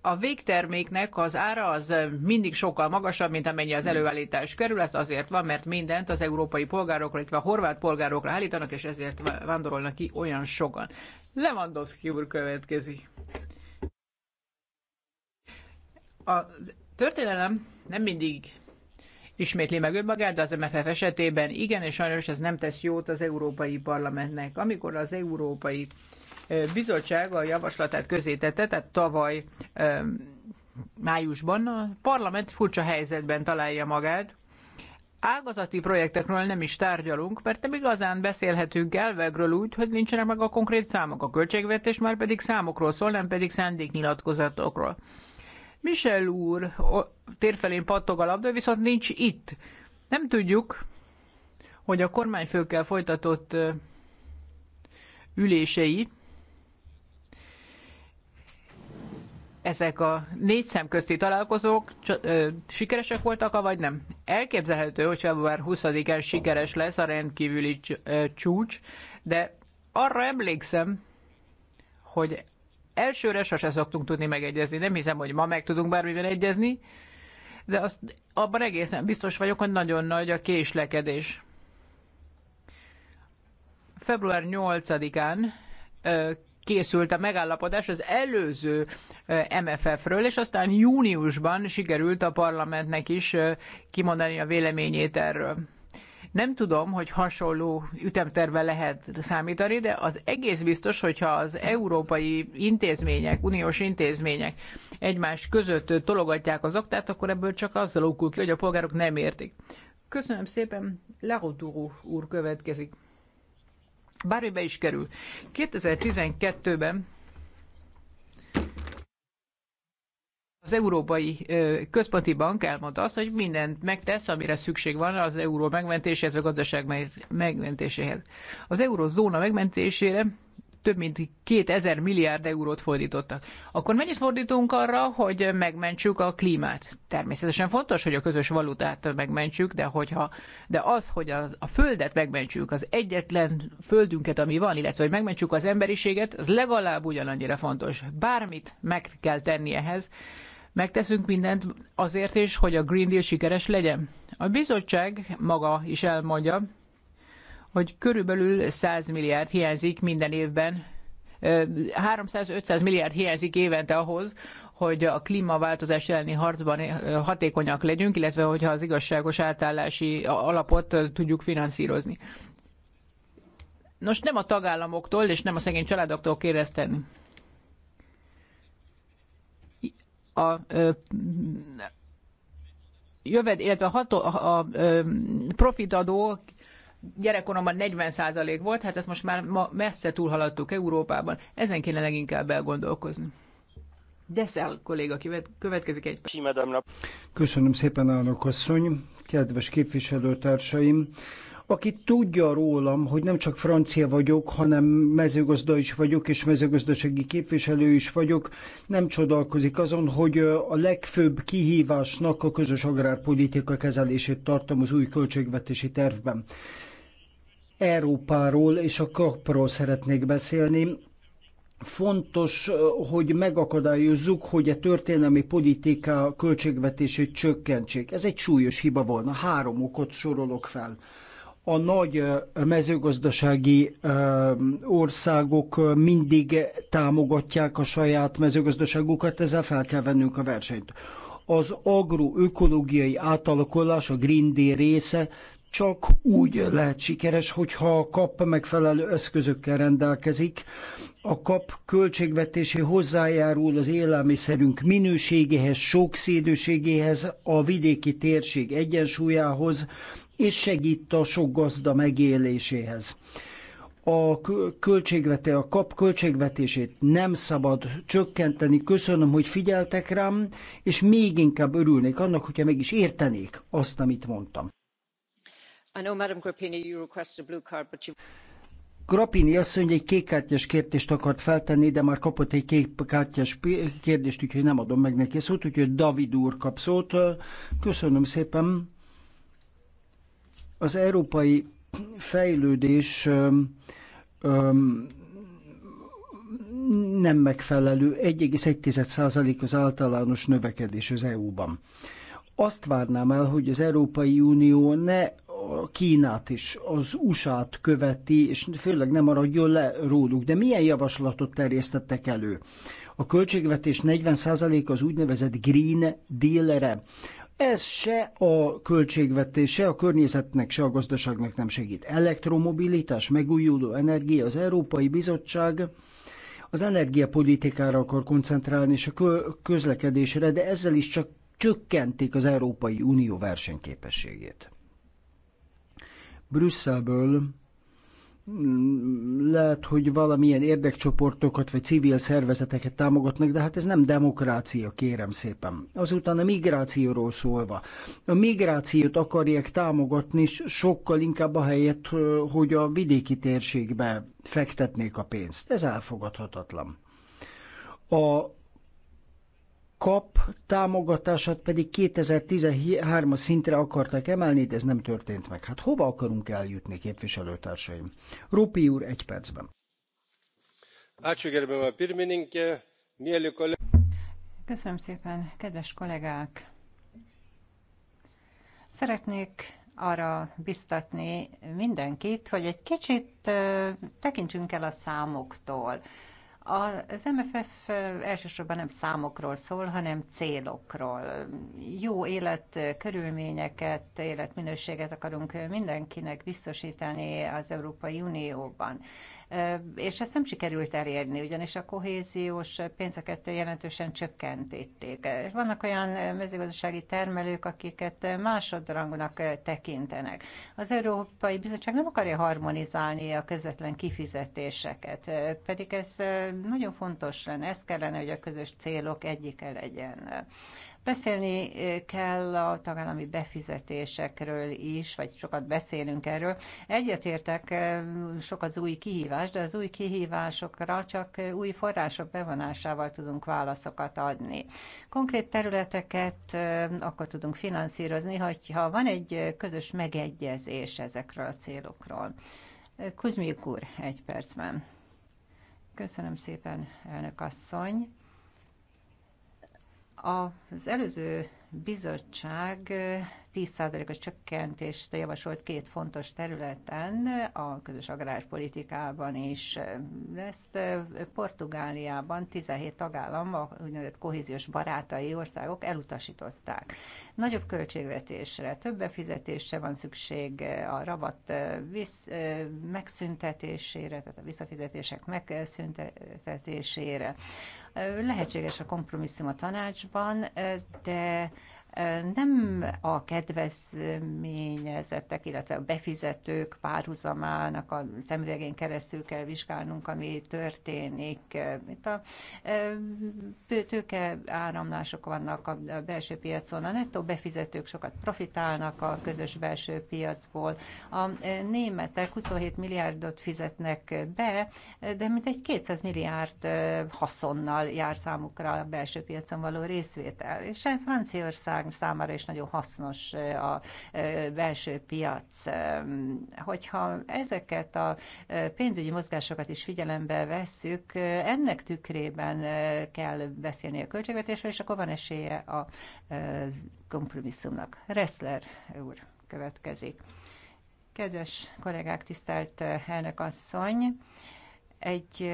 a végterméknek az ára az mindig sokkal magasabb, mint amennyi az előállítás kerül. Ez azért van, mert mindent az európai polgárokra, illetve a horvát polgárokra állítanak, és ezért vándorolnak ki olyan sokan. Lewandowski úr következik. A történelem nem mindig ismétli meg önmagát, de az MFF esetében igen, és sajnos ez nem tesz jót az Európai Parlamentnek. Amikor az Európai bizottság a javaslatát közzétette, tehát tavaly májusban a parlament furcsa helyzetben találja magát. Ágazati projektekről nem is tárgyalunk, mert nem igazán beszélhetünk elvegről úgy, hogy nincsenek meg a konkrét számok. A költségvetés már pedig számokról szól, nem pedig szándéknyilatkozatokról. Michel úr térfelén pattog a labda, viszont nincs itt. Nem tudjuk, hogy a kormányfőkkel folytatott ülései ezek a négy szemközti találkozók ö, sikeresek voltak, vagy nem? Elképzelhető, hogy február 20-án sikeres lesz a rendkívüli csúcs, de arra emlékszem, hogy elsőre sose szoktunk tudni megegyezni. Nem hiszem, hogy ma meg tudunk bármiben egyezni, de azt, abban egészen biztos vagyok, hogy nagyon nagy a késlekedés. Február 8-án készült a megállapodás az előző MFF-ről, és aztán júniusban sikerült a parlamentnek is kimondani a véleményét erről. Nem tudom, hogy hasonló ütemterve lehet számítani, de az egész biztos, hogyha az európai intézmények, uniós intézmények egymás között tologatják az oktát, akkor ebből csak azzal okul ki, hogy a polgárok nem értik. Köszönöm szépen, Lerotourou úr következik bármibe is kerül. 2012-ben az Európai Központi Bank elmondta azt, hogy mindent megtesz, amire szükség van az euró megmentéséhez, vagy gazdaság megmentéséhez. Az eurózóna megmentésére több mint 2000 milliárd eurót fordítottak. Akkor mennyit fordítunk arra, hogy megmentsük a klímát? Természetesen fontos, hogy a közös valutát megmentsük, de, hogyha, de az, hogy az, a földet megmentsük, az egyetlen földünket, ami van, illetve hogy megmentsük az emberiséget, az legalább ugyanannyira fontos. Bármit meg kell tenni ehhez, Megteszünk mindent azért is, hogy a Green Deal sikeres legyen. A bizottság maga is elmondja, hogy körülbelül 100 milliárd hiányzik minden évben 300-500 milliárd hiányzik évente ahhoz, hogy a klímaváltozás elleni harcban hatékonyak legyünk, illetve hogyha az igazságos átállási alapot tudjuk finanszírozni. Nos, nem a tagállamoktól és nem a szegény családoktól kérdezteni. A ö, jöved, illetve a, hato, a, a profitadó gyerekkoromban 40% volt, hát ezt most már ma messze túlhaladtuk Európában. Ezen kéne leginkább elgondolkozni. Deszel kolléga következik egy perc. Köszönöm szépen, állok asszony. Kedves képviselőtársaim, aki tudja rólam, hogy nem csak francia vagyok, hanem mezőgazda is vagyok, és mezőgazdasági képviselő is vagyok, nem csodálkozik azon, hogy a legfőbb kihívásnak a közös agrárpolitika kezelését tartom az új költségvetési tervben. Európáról és a kapról szeretnék beszélni. Fontos, hogy megakadályozzuk, hogy a történelmi politika költségvetését csökkentsék. Ez egy súlyos hiba volna. Három okot sorolok fel a nagy mezőgazdasági országok mindig támogatják a saját mezőgazdaságukat, ezzel fel kell vennünk a versenyt. Az agroökológiai átalakulás, a Green Deal része, csak úgy lehet sikeres, hogyha a kap megfelelő eszközökkel rendelkezik. A kap költségvetési hozzájárul az élelmiszerünk minőségéhez, sokszínűségéhez, a vidéki térség egyensúlyához, és segít a sok gazda megéléséhez a költségvetés, a kap költségvetését nem szabad csökkenteni. Köszönöm, hogy figyeltek rám, és még inkább örülnék annak, hogyha meg is értenék azt, amit mondtam grapini asszony egy kékkártyás kérdést akart feltenni, de már kapott egy kékkártyás kérdést, úgyhogy nem adom meg neki szót, úgyhogy David úr kap szót. Köszönöm szépen. Az európai fejlődés öm, öm, nem megfelelő 1,1% az általános növekedés az EU-ban. Azt várnám el, hogy az Európai Unió ne Kínát és az USA-t követi, és főleg nem maradjon le róluk. De milyen javaslatot terjesztettek elő? A költségvetés 40% az úgynevezett Green Deal-re. Ez se a költségvetés, se a környezetnek, se a gazdaságnak nem segít. Elektromobilitás, megújuló energia, az Európai Bizottság az energiapolitikára akar koncentrálni, és a közlekedésre, de ezzel is csak csökkentik az Európai Unió versenyképességét. Brüsszelből lehet, hogy valamilyen érdekcsoportokat vagy civil szervezeteket támogatnak, de hát ez nem demokrácia, kérem szépen. Azután a migrációról szólva. A migrációt akarják támogatni, sokkal inkább a helyet, hogy a vidéki térségbe fektetnék a pénzt. Ez elfogadhatatlan. A kap támogatását pedig 2013-as szintre akarták emelni, de ez nem történt meg. Hát hova akarunk eljutni, képviselőtársaim? Rupi úr, egy percben. Köszönöm szépen, kedves kollégák! Szeretnék arra biztatni mindenkit, hogy egy kicsit tekintsünk el a számoktól. Az MFF elsősorban nem számokról szól, hanem célokról. Jó élet körülményeket, életminőséget akarunk mindenkinek biztosítani az Európai Unióban és ezt nem sikerült elérni, ugyanis a kohéziós pénzeket jelentősen csökkentették. Vannak olyan mezőgazdasági termelők, akiket másodrangúnak tekintenek. Az Európai Bizottság nem akarja harmonizálni a közvetlen kifizetéseket, pedig ez nagyon fontos lenne, ez kellene, hogy a közös célok egyike legyen. Beszélni kell a tagállami befizetésekről is, vagy sokat beszélünk erről. Egyetértek sok az új kihívás, de az új kihívásokra csak új források bevonásával tudunk válaszokat adni. Konkrét területeket akkor tudunk finanszírozni, ha van egy közös megegyezés ezekről a célokról. Kuzmiuk úr, egy percben. Köszönöm szépen, elnök asszony. Az előző bizottság 10%-os csökkentést javasolt két fontos területen, a közös agrárpolitikában is. Ezt Portugáliában 17 tagállam, a úgynevezett kohéziós barátai országok elutasították. Nagyobb költségvetésre, több befizetésre van szükség a rabat visz, megszüntetésére, tehát a visszafizetések megszüntetésére. Lehetséges a kompromisszum a tanácsban, de nem a kedvezményezettek, illetve a befizetők párhuzamának a szemüvegén keresztül kell vizsgálnunk, ami történik. Itt a tőke áramlások vannak a belső piacon, a nettó befizetők sokat profitálnak a közös belső piacból. A németek 27 milliárdot fizetnek be, de mintegy 200 milliárd haszonnal jár számukra a belső piacon való részvétel. És Franciaország Magyarország számára is nagyon hasznos a belső piac. Hogyha ezeket a pénzügyi mozgásokat is figyelembe vesszük, ennek tükrében kell beszélni a költségvetésről, és akkor van esélye a kompromisszumnak. Ressler úr következik. Kedves kollégák, tisztelt elnök asszony! egy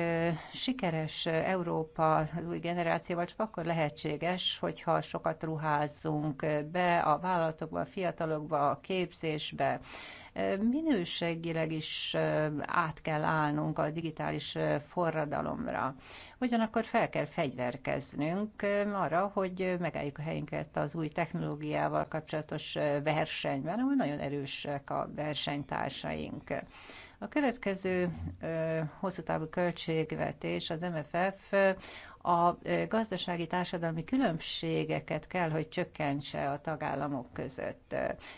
sikeres Európa új generációval csak akkor lehetséges, hogyha sokat ruházunk be a vállalatokba, a fiatalokba, a képzésbe. Minőségileg is át kell állnunk a digitális forradalomra. Ugyanakkor fel kell fegyverkeznünk arra, hogy megálljuk a helyünket az új technológiával kapcsolatos versenyben, ahol nagyon erősek a versenytársaink. A következő hosszú távú költségvetés, az MFF a gazdasági társadalmi különbségeket kell, hogy csökkentse a tagállamok között.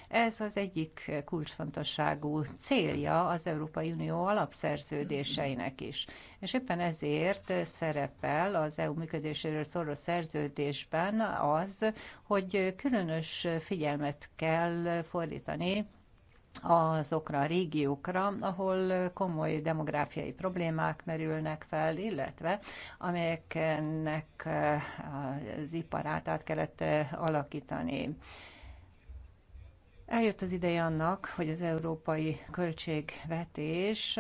Ez az egyik kulcsfontosságú célja az Európai Unió alapszerződéseinek is. És éppen ezért szerepel az EU működéséről szóló szerződésben az, hogy különös figyelmet kell fordítani azokra a régiókra, ahol komoly demográfiai problémák merülnek fel, illetve amelyeknek eh, az iparát át kellett eh, alakítani. Eljött az ideje annak, hogy az európai költségvetés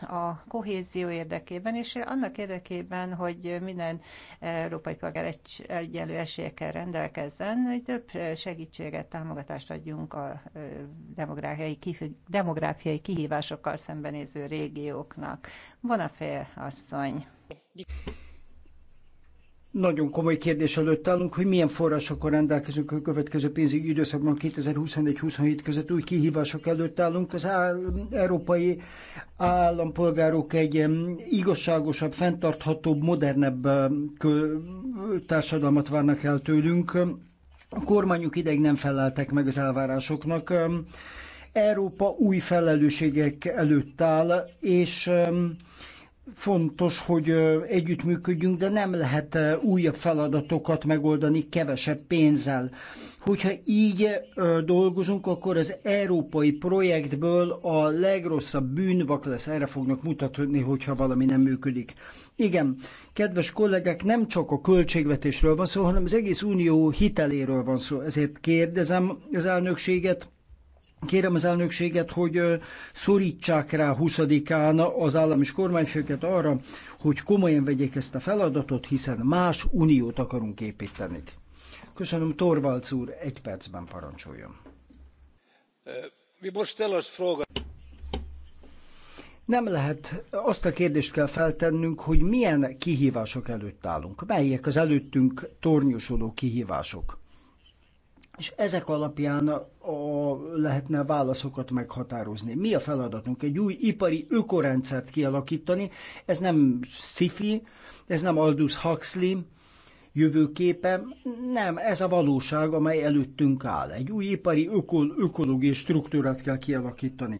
a kohézió érdekében, és annak érdekében, hogy minden európai polgár egy, egyenlő esélyekkel rendelkezzen, hogy több segítséget, támogatást adjunk a demográfiai, demográfiai kihívásokkal szembenéző régióknak. Van a fél asszony nagyon komoly kérdés előtt állunk, hogy milyen forrásokkal rendelkezünk a következő pénzügyi időszakban 2021-27 között új kihívások előtt állunk. Az áll, európai állampolgárok egy igazságosabb, fenntarthatóbb, modernebb társadalmat várnak el tőlünk. A kormányuk ideig nem feleltek meg az elvárásoknak. Európa új felelősségek előtt áll, és fontos, hogy együttműködjünk, de nem lehet újabb feladatokat megoldani kevesebb pénzzel. Hogyha így dolgozunk, akkor az európai projektből a legrosszabb bűnvak lesz. Erre fognak mutatni, hogyha valami nem működik. Igen, kedves kollégák, nem csak a költségvetésről van szó, hanem az egész unió hiteléről van szó. Ezért kérdezem az elnökséget, Kérem az elnökséget, hogy szorítsák rá 20-án az állam és kormányfőket arra, hogy komolyan vegyék ezt a feladatot, hiszen más uniót akarunk építeni. Köszönöm, Torvalds úr, egy percben parancsoljon. Mi most nem lehet, azt a kérdést kell feltennünk, hogy milyen kihívások előtt állunk, melyek az előttünk tornyosodó kihívások és ezek alapján a, lehetne a válaszokat meghatározni. Mi a feladatunk? Egy új ipari ökorendszert kialakítani. Ez nem sci ez nem Aldous Huxley jövőképe, nem, ez a valóság, amely előttünk áll. Egy új ipari ökol, ökológiai struktúrát kell kialakítani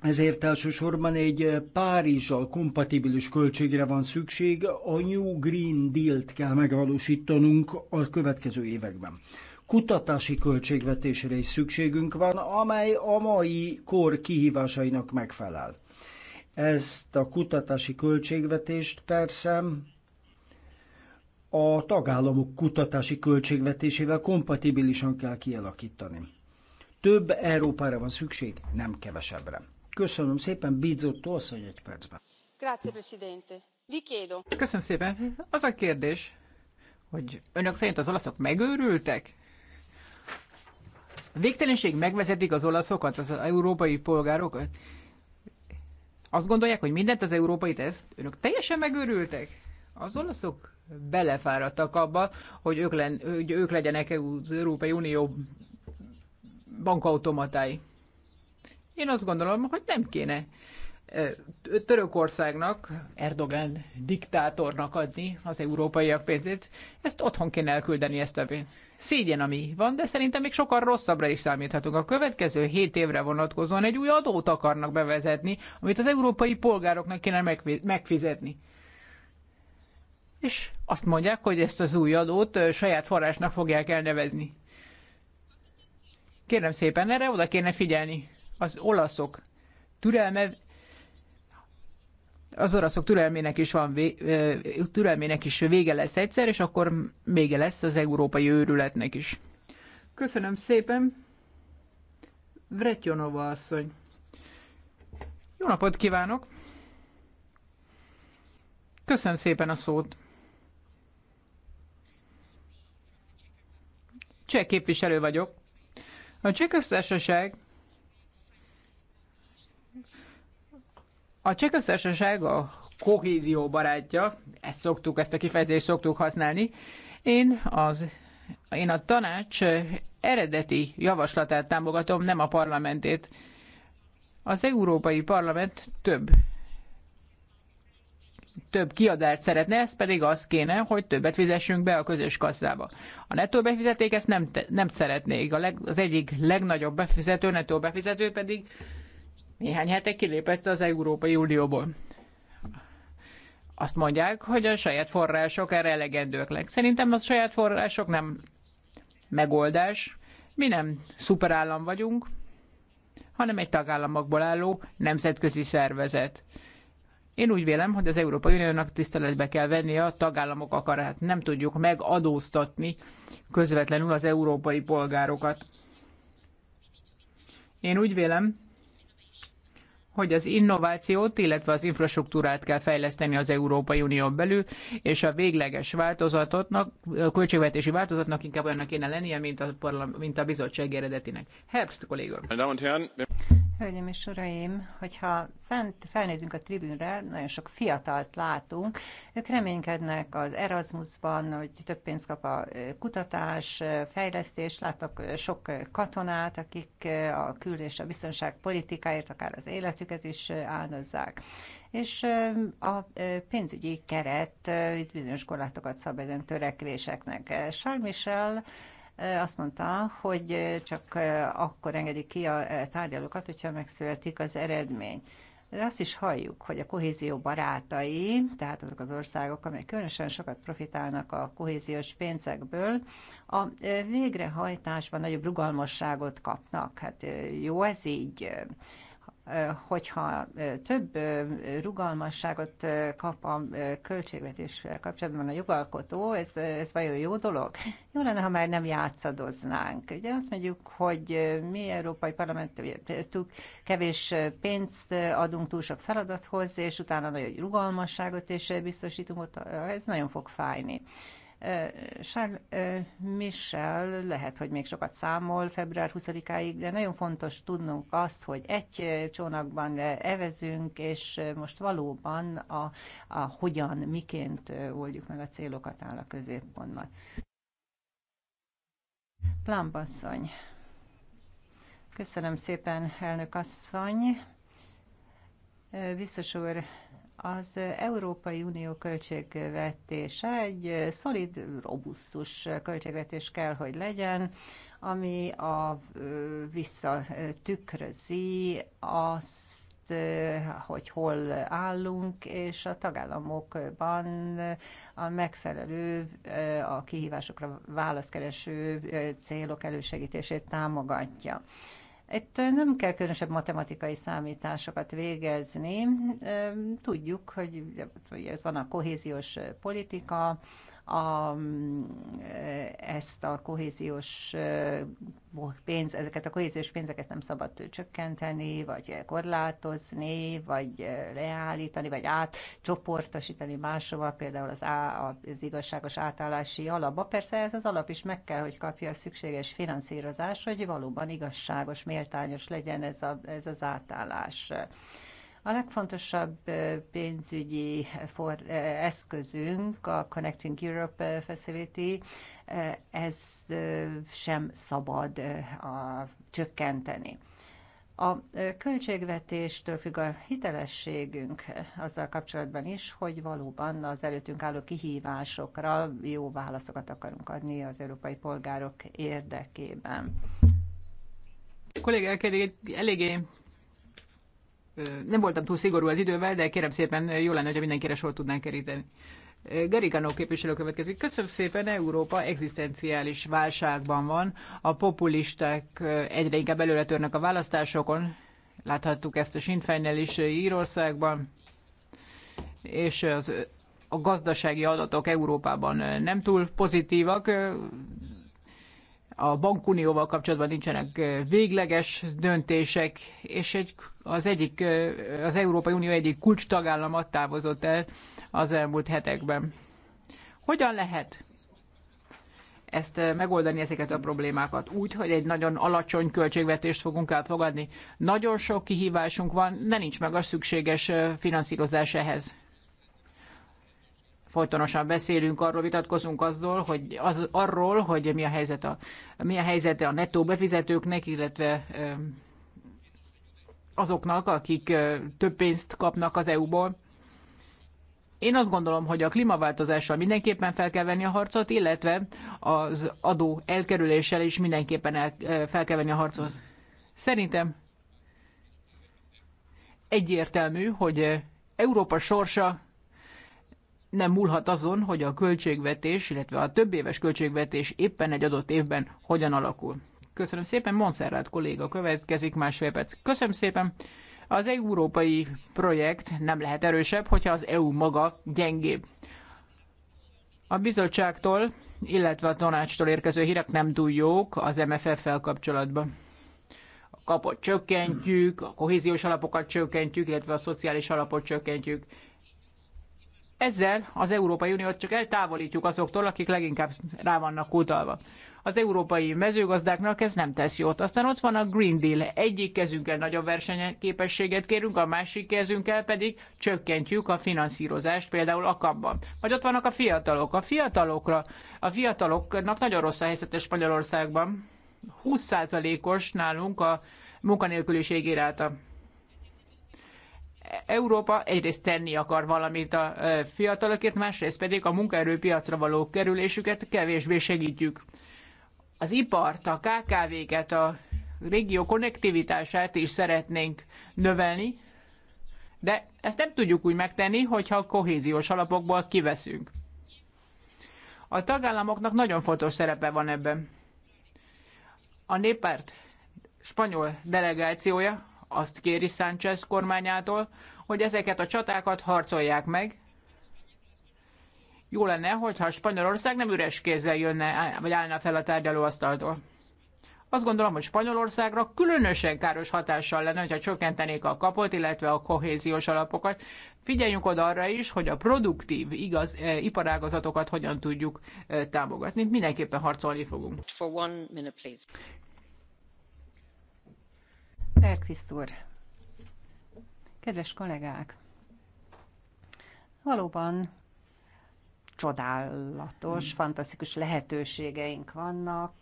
ezért elsősorban egy eh, Párizsal kompatibilis költségre van szükség, a New Green Deal-t kell megvalósítanunk a következő években. Kutatási költségvetésre is szükségünk van, amely a mai kor kihívásainak megfelel. Ezt a kutatási költségvetést persze a tagállamok kutatási költségvetésével kompatibilisan kell kialakítani. Több Európára van szükség, nem kevesebbre. Köszönöm szépen, Bizzotto asszony egy percben. Grazie, Presidente. Vi chiedo. Köszönöm szépen. Az a kérdés, hogy önök szerint az olaszok megőrültek? A végtelenség megvezetik az olaszokat, az európai polgárokat? Azt gondolják, hogy mindent az európai tesz? Önök teljesen megőrültek? Az olaszok belefáradtak abba, hogy ők, len, hogy ők legyenek az Európai Unió bankautomatái. Én azt gondolom, hogy nem kéne Törökországnak, Erdogan diktátornak adni az európaiak pénzét, ezt otthon kéne elküldeni ezt a pénzt. Szégyen, ami van, de szerintem még sokkal rosszabbra is számíthatunk. A következő 7 évre vonatkozóan egy új adót akarnak bevezetni, amit az európai polgároknak kéne megfizetni. És azt mondják, hogy ezt az új adót saját forrásnak fogják elnevezni. Kérem szépen, erre oda kéne figyelni az olaszok türelme az oroszok türelmének is, van, türelmének is vége lesz egyszer, és akkor vége lesz az európai őrületnek is. Köszönöm szépen, Vretjonova asszony. Jó napot kívánok! Köszönöm szépen a szót! Cseh képviselő vagyok. A Cseh Köztársaság A cseh köztársaság a kohézió barátja, ezt szoktuk, ezt a kifejezést szoktuk használni. Én, az, én a tanács eredeti javaslatát támogatom, nem a parlamentét. Az Európai Parlament több több kiadást szeretne, ez pedig az kéne, hogy többet fizessünk be a közös kasszába. A nettó befizeték ezt nem, nem szeretnék. A leg, az egyik legnagyobb befizető, nettó befizető pedig néhány hete kilépett az Európai Unióból. Azt mondják, hogy a saját források erre elegendőek. Szerintem a saját források nem megoldás. Mi nem szuperállam vagyunk, hanem egy tagállamokból álló nemzetközi szervezet. Én úgy vélem, hogy az Európai Uniónak tiszteletbe kell venni a tagállamok akarát. Nem tudjuk megadóztatni közvetlenül az európai polgárokat. Én úgy vélem, hogy az innovációt, illetve az infrastruktúrát kell fejleszteni az Európai Unión belül, és a végleges változatotnak, a költségvetési változatnak inkább olyannak kéne lennie, mint a, mint a bizottság eredetinek. Herbst kolléga. Hölgyeim és uraim, hogyha fent, felnézünk a tribünre, nagyon sok fiatalt látunk. Ők reménykednek az Erasmusban, hogy több pénzt kap a kutatás, fejlesztés. Láttak sok katonát, akik a kül- és a biztonság politikáért akár az életüket is áldozzák. És a pénzügyi keret itt bizonyos korlátokat szab ezen törekvéseknek. Charles Michel azt mondta, hogy csak akkor engedik ki a tárgyalókat, hogyha megszületik az eredmény. De azt is halljuk, hogy a kohézió barátai, tehát azok az országok, amelyek különösen sokat profitálnak a kohéziós pénzekből, a végrehajtásban nagyobb rugalmasságot kapnak. Hát jó ez így hogyha több rugalmasságot kap a költségvetéssel kapcsolatban a jogalkotó, ez, ez vajon jó dolog? Jó lenne, ha már nem játszadoznánk. Ugye azt mondjuk, hogy mi Európai Parlament túl kevés pénzt adunk túl sok feladathoz, és utána nagyon rugalmasságot és biztosítunk, ott ez nagyon fog fájni. Charles Michel lehet, hogy még sokat számol február 20-áig, de nagyon fontos tudnunk azt, hogy egy csónakban evezünk, és most valóban a, a hogyan, miként oldjuk meg a célokat áll a középpontban. Plámbasszony. Köszönöm szépen, elnök asszony. Biztos úr, az Európai Unió költségvetése egy szolid, robusztus költségvetés kell, hogy legyen, ami a visszatükrözi azt, hogy hol állunk, és a tagállamokban a megfelelő, a kihívásokra válaszkereső célok elősegítését támogatja. Itt nem kell különösebb matematikai számításokat végezni. Tudjuk, hogy van a kohéziós politika, a, eh, ezt a kohéziós eh, pénz, ezeket a kohéziós pénzeket nem szabad csökkenteni, vagy korlátozni, vagy eh, leállítani, vagy átcsoportosítani máshova, például az, á, az igazságos átállási alapba. Persze ez az alap is meg kell, hogy kapja a szükséges finanszírozás, hogy valóban igazságos, méltányos legyen ez, a, ez az átállás. A legfontosabb pénzügyi for, eszközünk, a Connecting Europe Facility, ez sem szabad a, csökkenteni. A költségvetéstől függ a hitelességünk azzal kapcsolatban is, hogy valóban az előttünk álló kihívásokra jó válaszokat akarunk adni az európai polgárok érdekében. A kollégák elég, eléggé nem voltam túl szigorú az idővel, de kérem szépen, jó lenne, hogyha mindenkire sor tudnánk keríteni. Garigano képviselő következik. Köszönöm szépen, Európa egzisztenciális válságban van. A populisták egyre inkább előre törnek a választásokon. Láthattuk ezt a Sinn is Írországban. És az, a gazdasági adatok Európában nem túl pozitívak a bankunióval kapcsolatban nincsenek végleges döntések, és egy, az, egyik, az Európai Unió egyik kulcs tagállama távozott el az elmúlt hetekben. Hogyan lehet ezt megoldani ezeket a problémákat úgy, hogy egy nagyon alacsony költségvetést fogunk elfogadni. Nagyon sok kihívásunk van, de nincs meg a szükséges finanszírozás ehhez folytonosan beszélünk arról, vitatkozunk azzal, hogy az, arról, hogy mi a, helyzet a, mi a helyzete a nettó befizetőknek, illetve azoknak, akik több pénzt kapnak az EU-ból. Én azt gondolom, hogy a klímaváltozással mindenképpen fel kell venni a harcot, illetve az adó elkerüléssel is mindenképpen el, fel kell venni a harcot. Szerintem egyértelmű, hogy Európa sorsa nem múlhat azon, hogy a költségvetés, illetve a több éves költségvetés éppen egy adott évben hogyan alakul. Köszönöm szépen, Monserrat kolléga következik másfél perc. Köszönöm szépen. Az európai projekt nem lehet erősebb, hogyha az EU maga gyengébb. A bizottságtól, illetve a tanácstól érkező hírek nem túl jók az MFF-fel kapcsolatban. A kapot csökkentjük, a kohéziós alapokat csökkentjük, illetve a szociális alapot csökkentjük. Ezzel az Európai Uniót csak eltávolítjuk azoktól, akik leginkább rá vannak utalva. Az európai mezőgazdáknak ez nem tesz jót. Aztán ott van a Green Deal. Egyik kezünkkel nagyobb versenyképességet kérünk, a másik kezünkkel pedig csökkentjük a finanszírozást, például a kapban. Vagy ott vannak a fiatalok. A fiatalokra, a fiataloknak nagyon rossz a helyzete Spanyolországban. 20%-os nálunk a munkanélküliség iráta. Európa egyrészt tenni akar valamit a fiatalokért, másrészt pedig a munkaerőpiacra való kerülésüket kevésbé segítjük. Az ipart, a KKV-ket, a régió konnektivitását is szeretnénk növelni, de ezt nem tudjuk úgy megtenni, hogyha a kohéziós alapokból kiveszünk. A tagállamoknak nagyon fontos szerepe van ebben. A néppárt spanyol delegációja azt kéri Sánchez kormányától, hogy ezeket a csatákat harcolják meg. Jó lenne, hogyha Spanyolország nem üres kézzel jönne, vagy állna fel a tárgyalóasztaltól. Azt gondolom, hogy Spanyolországra különösen káros hatással lenne, hogyha csökkentenék a kapot, illetve a kohéziós alapokat. Figyeljünk oda arra is, hogy a produktív igaz, eh, iparágazatokat hogyan tudjuk eh, támogatni. Mindenképpen harcolni fogunk. Bergfiszt úr, kedves kollégák, valóban csodálatos, fantasztikus lehetőségeink vannak,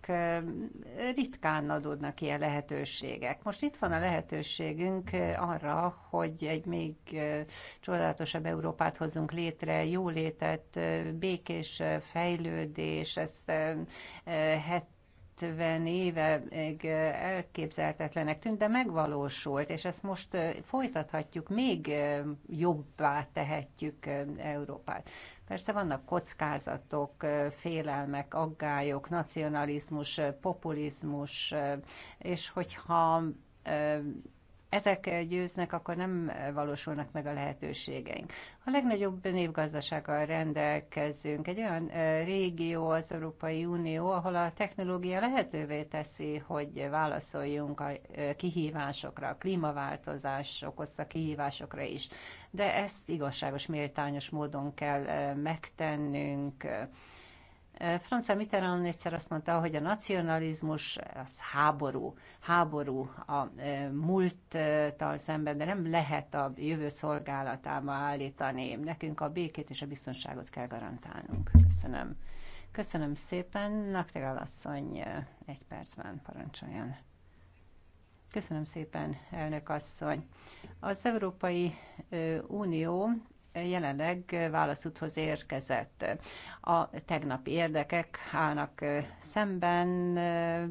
ritkán adódnak ilyen lehetőségek. Most itt van a lehetőségünk arra, hogy egy még csodálatosabb Európát hozzunk létre, jólétet, békés fejlődés, ezt eh, 50 éve még elképzelhetetlenek tűnt, de megvalósult, és ezt most folytathatjuk, még jobbá tehetjük Európát. Persze vannak kockázatok, félelmek, aggályok, nacionalizmus, populizmus, és hogyha ezek győznek, akkor nem valósulnak meg a lehetőségeink. A legnagyobb népgazdasággal rendelkezünk. Egy olyan régió az Európai Unió, ahol a technológia lehetővé teszi, hogy válaszoljunk a kihívásokra, a klímaváltozás okozta kihívásokra is. De ezt igazságos, méltányos módon kell megtennünk Francia Mitterrand egyszer azt mondta, hogy a nacionalizmus az háború, háború a múlttal szemben, de nem lehet a jövő szolgálatába állítani. Nekünk a békét és a biztonságot kell garantálnunk. Köszönöm. Köszönöm szépen. Naktegal asszony egy percben parancsoljon. Köszönöm szépen, elnök asszony. Az Európai Unió jelenleg válaszúthoz érkezett. A tegnapi érdekek állnak szemben eh,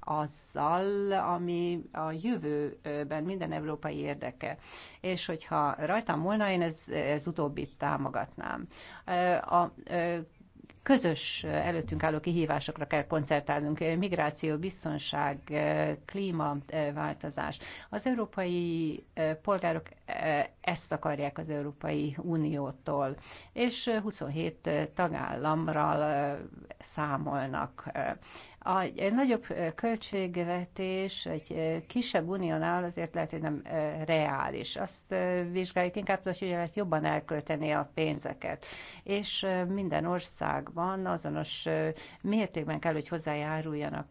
azzal, ami a jövőben minden európai érdeke. És hogyha rajtam volna, én ez, ez utóbbit támogatnám. Eh, a eh, közös előttünk álló kihívásokra kell koncertálnunk. Migráció, biztonság, klímaváltozás. Eh, az európai eh, polgárok eh, ezt akarják az Európai Uniótól, és 27 tagállamra számolnak. A nagyobb költségvetés egy kisebb uniónál azért lehet, hogy nem reális. Azt vizsgáljuk inkább, hogy lehet jobban elkölteni a pénzeket. És minden országban azonos mértékben kell, hogy hozzájáruljanak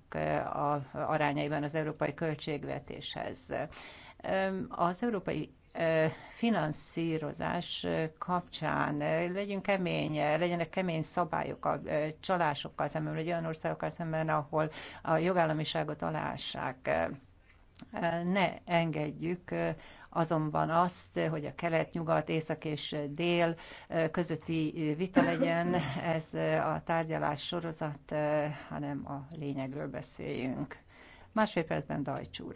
a arányaiban az európai költségvetéshez. Az európai finanszírozás kapcsán legyünk kemény, legyenek kemény szabályok a csalásokkal szemben, vagy olyan országokkal szemben, ahol a jogállamiságot alássák. Ne engedjük azonban azt, hogy a kelet, nyugat, észak és dél közötti vita legyen, ez a tárgyalás sorozat, hanem a lényegről beszéljünk. Másfél percben Dajcs úr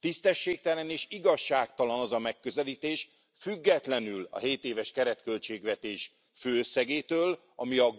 tisztességtelen és igazságtalan az a megközeltés függetlenül a hétéves keretköltségvetés főösszegétől ami a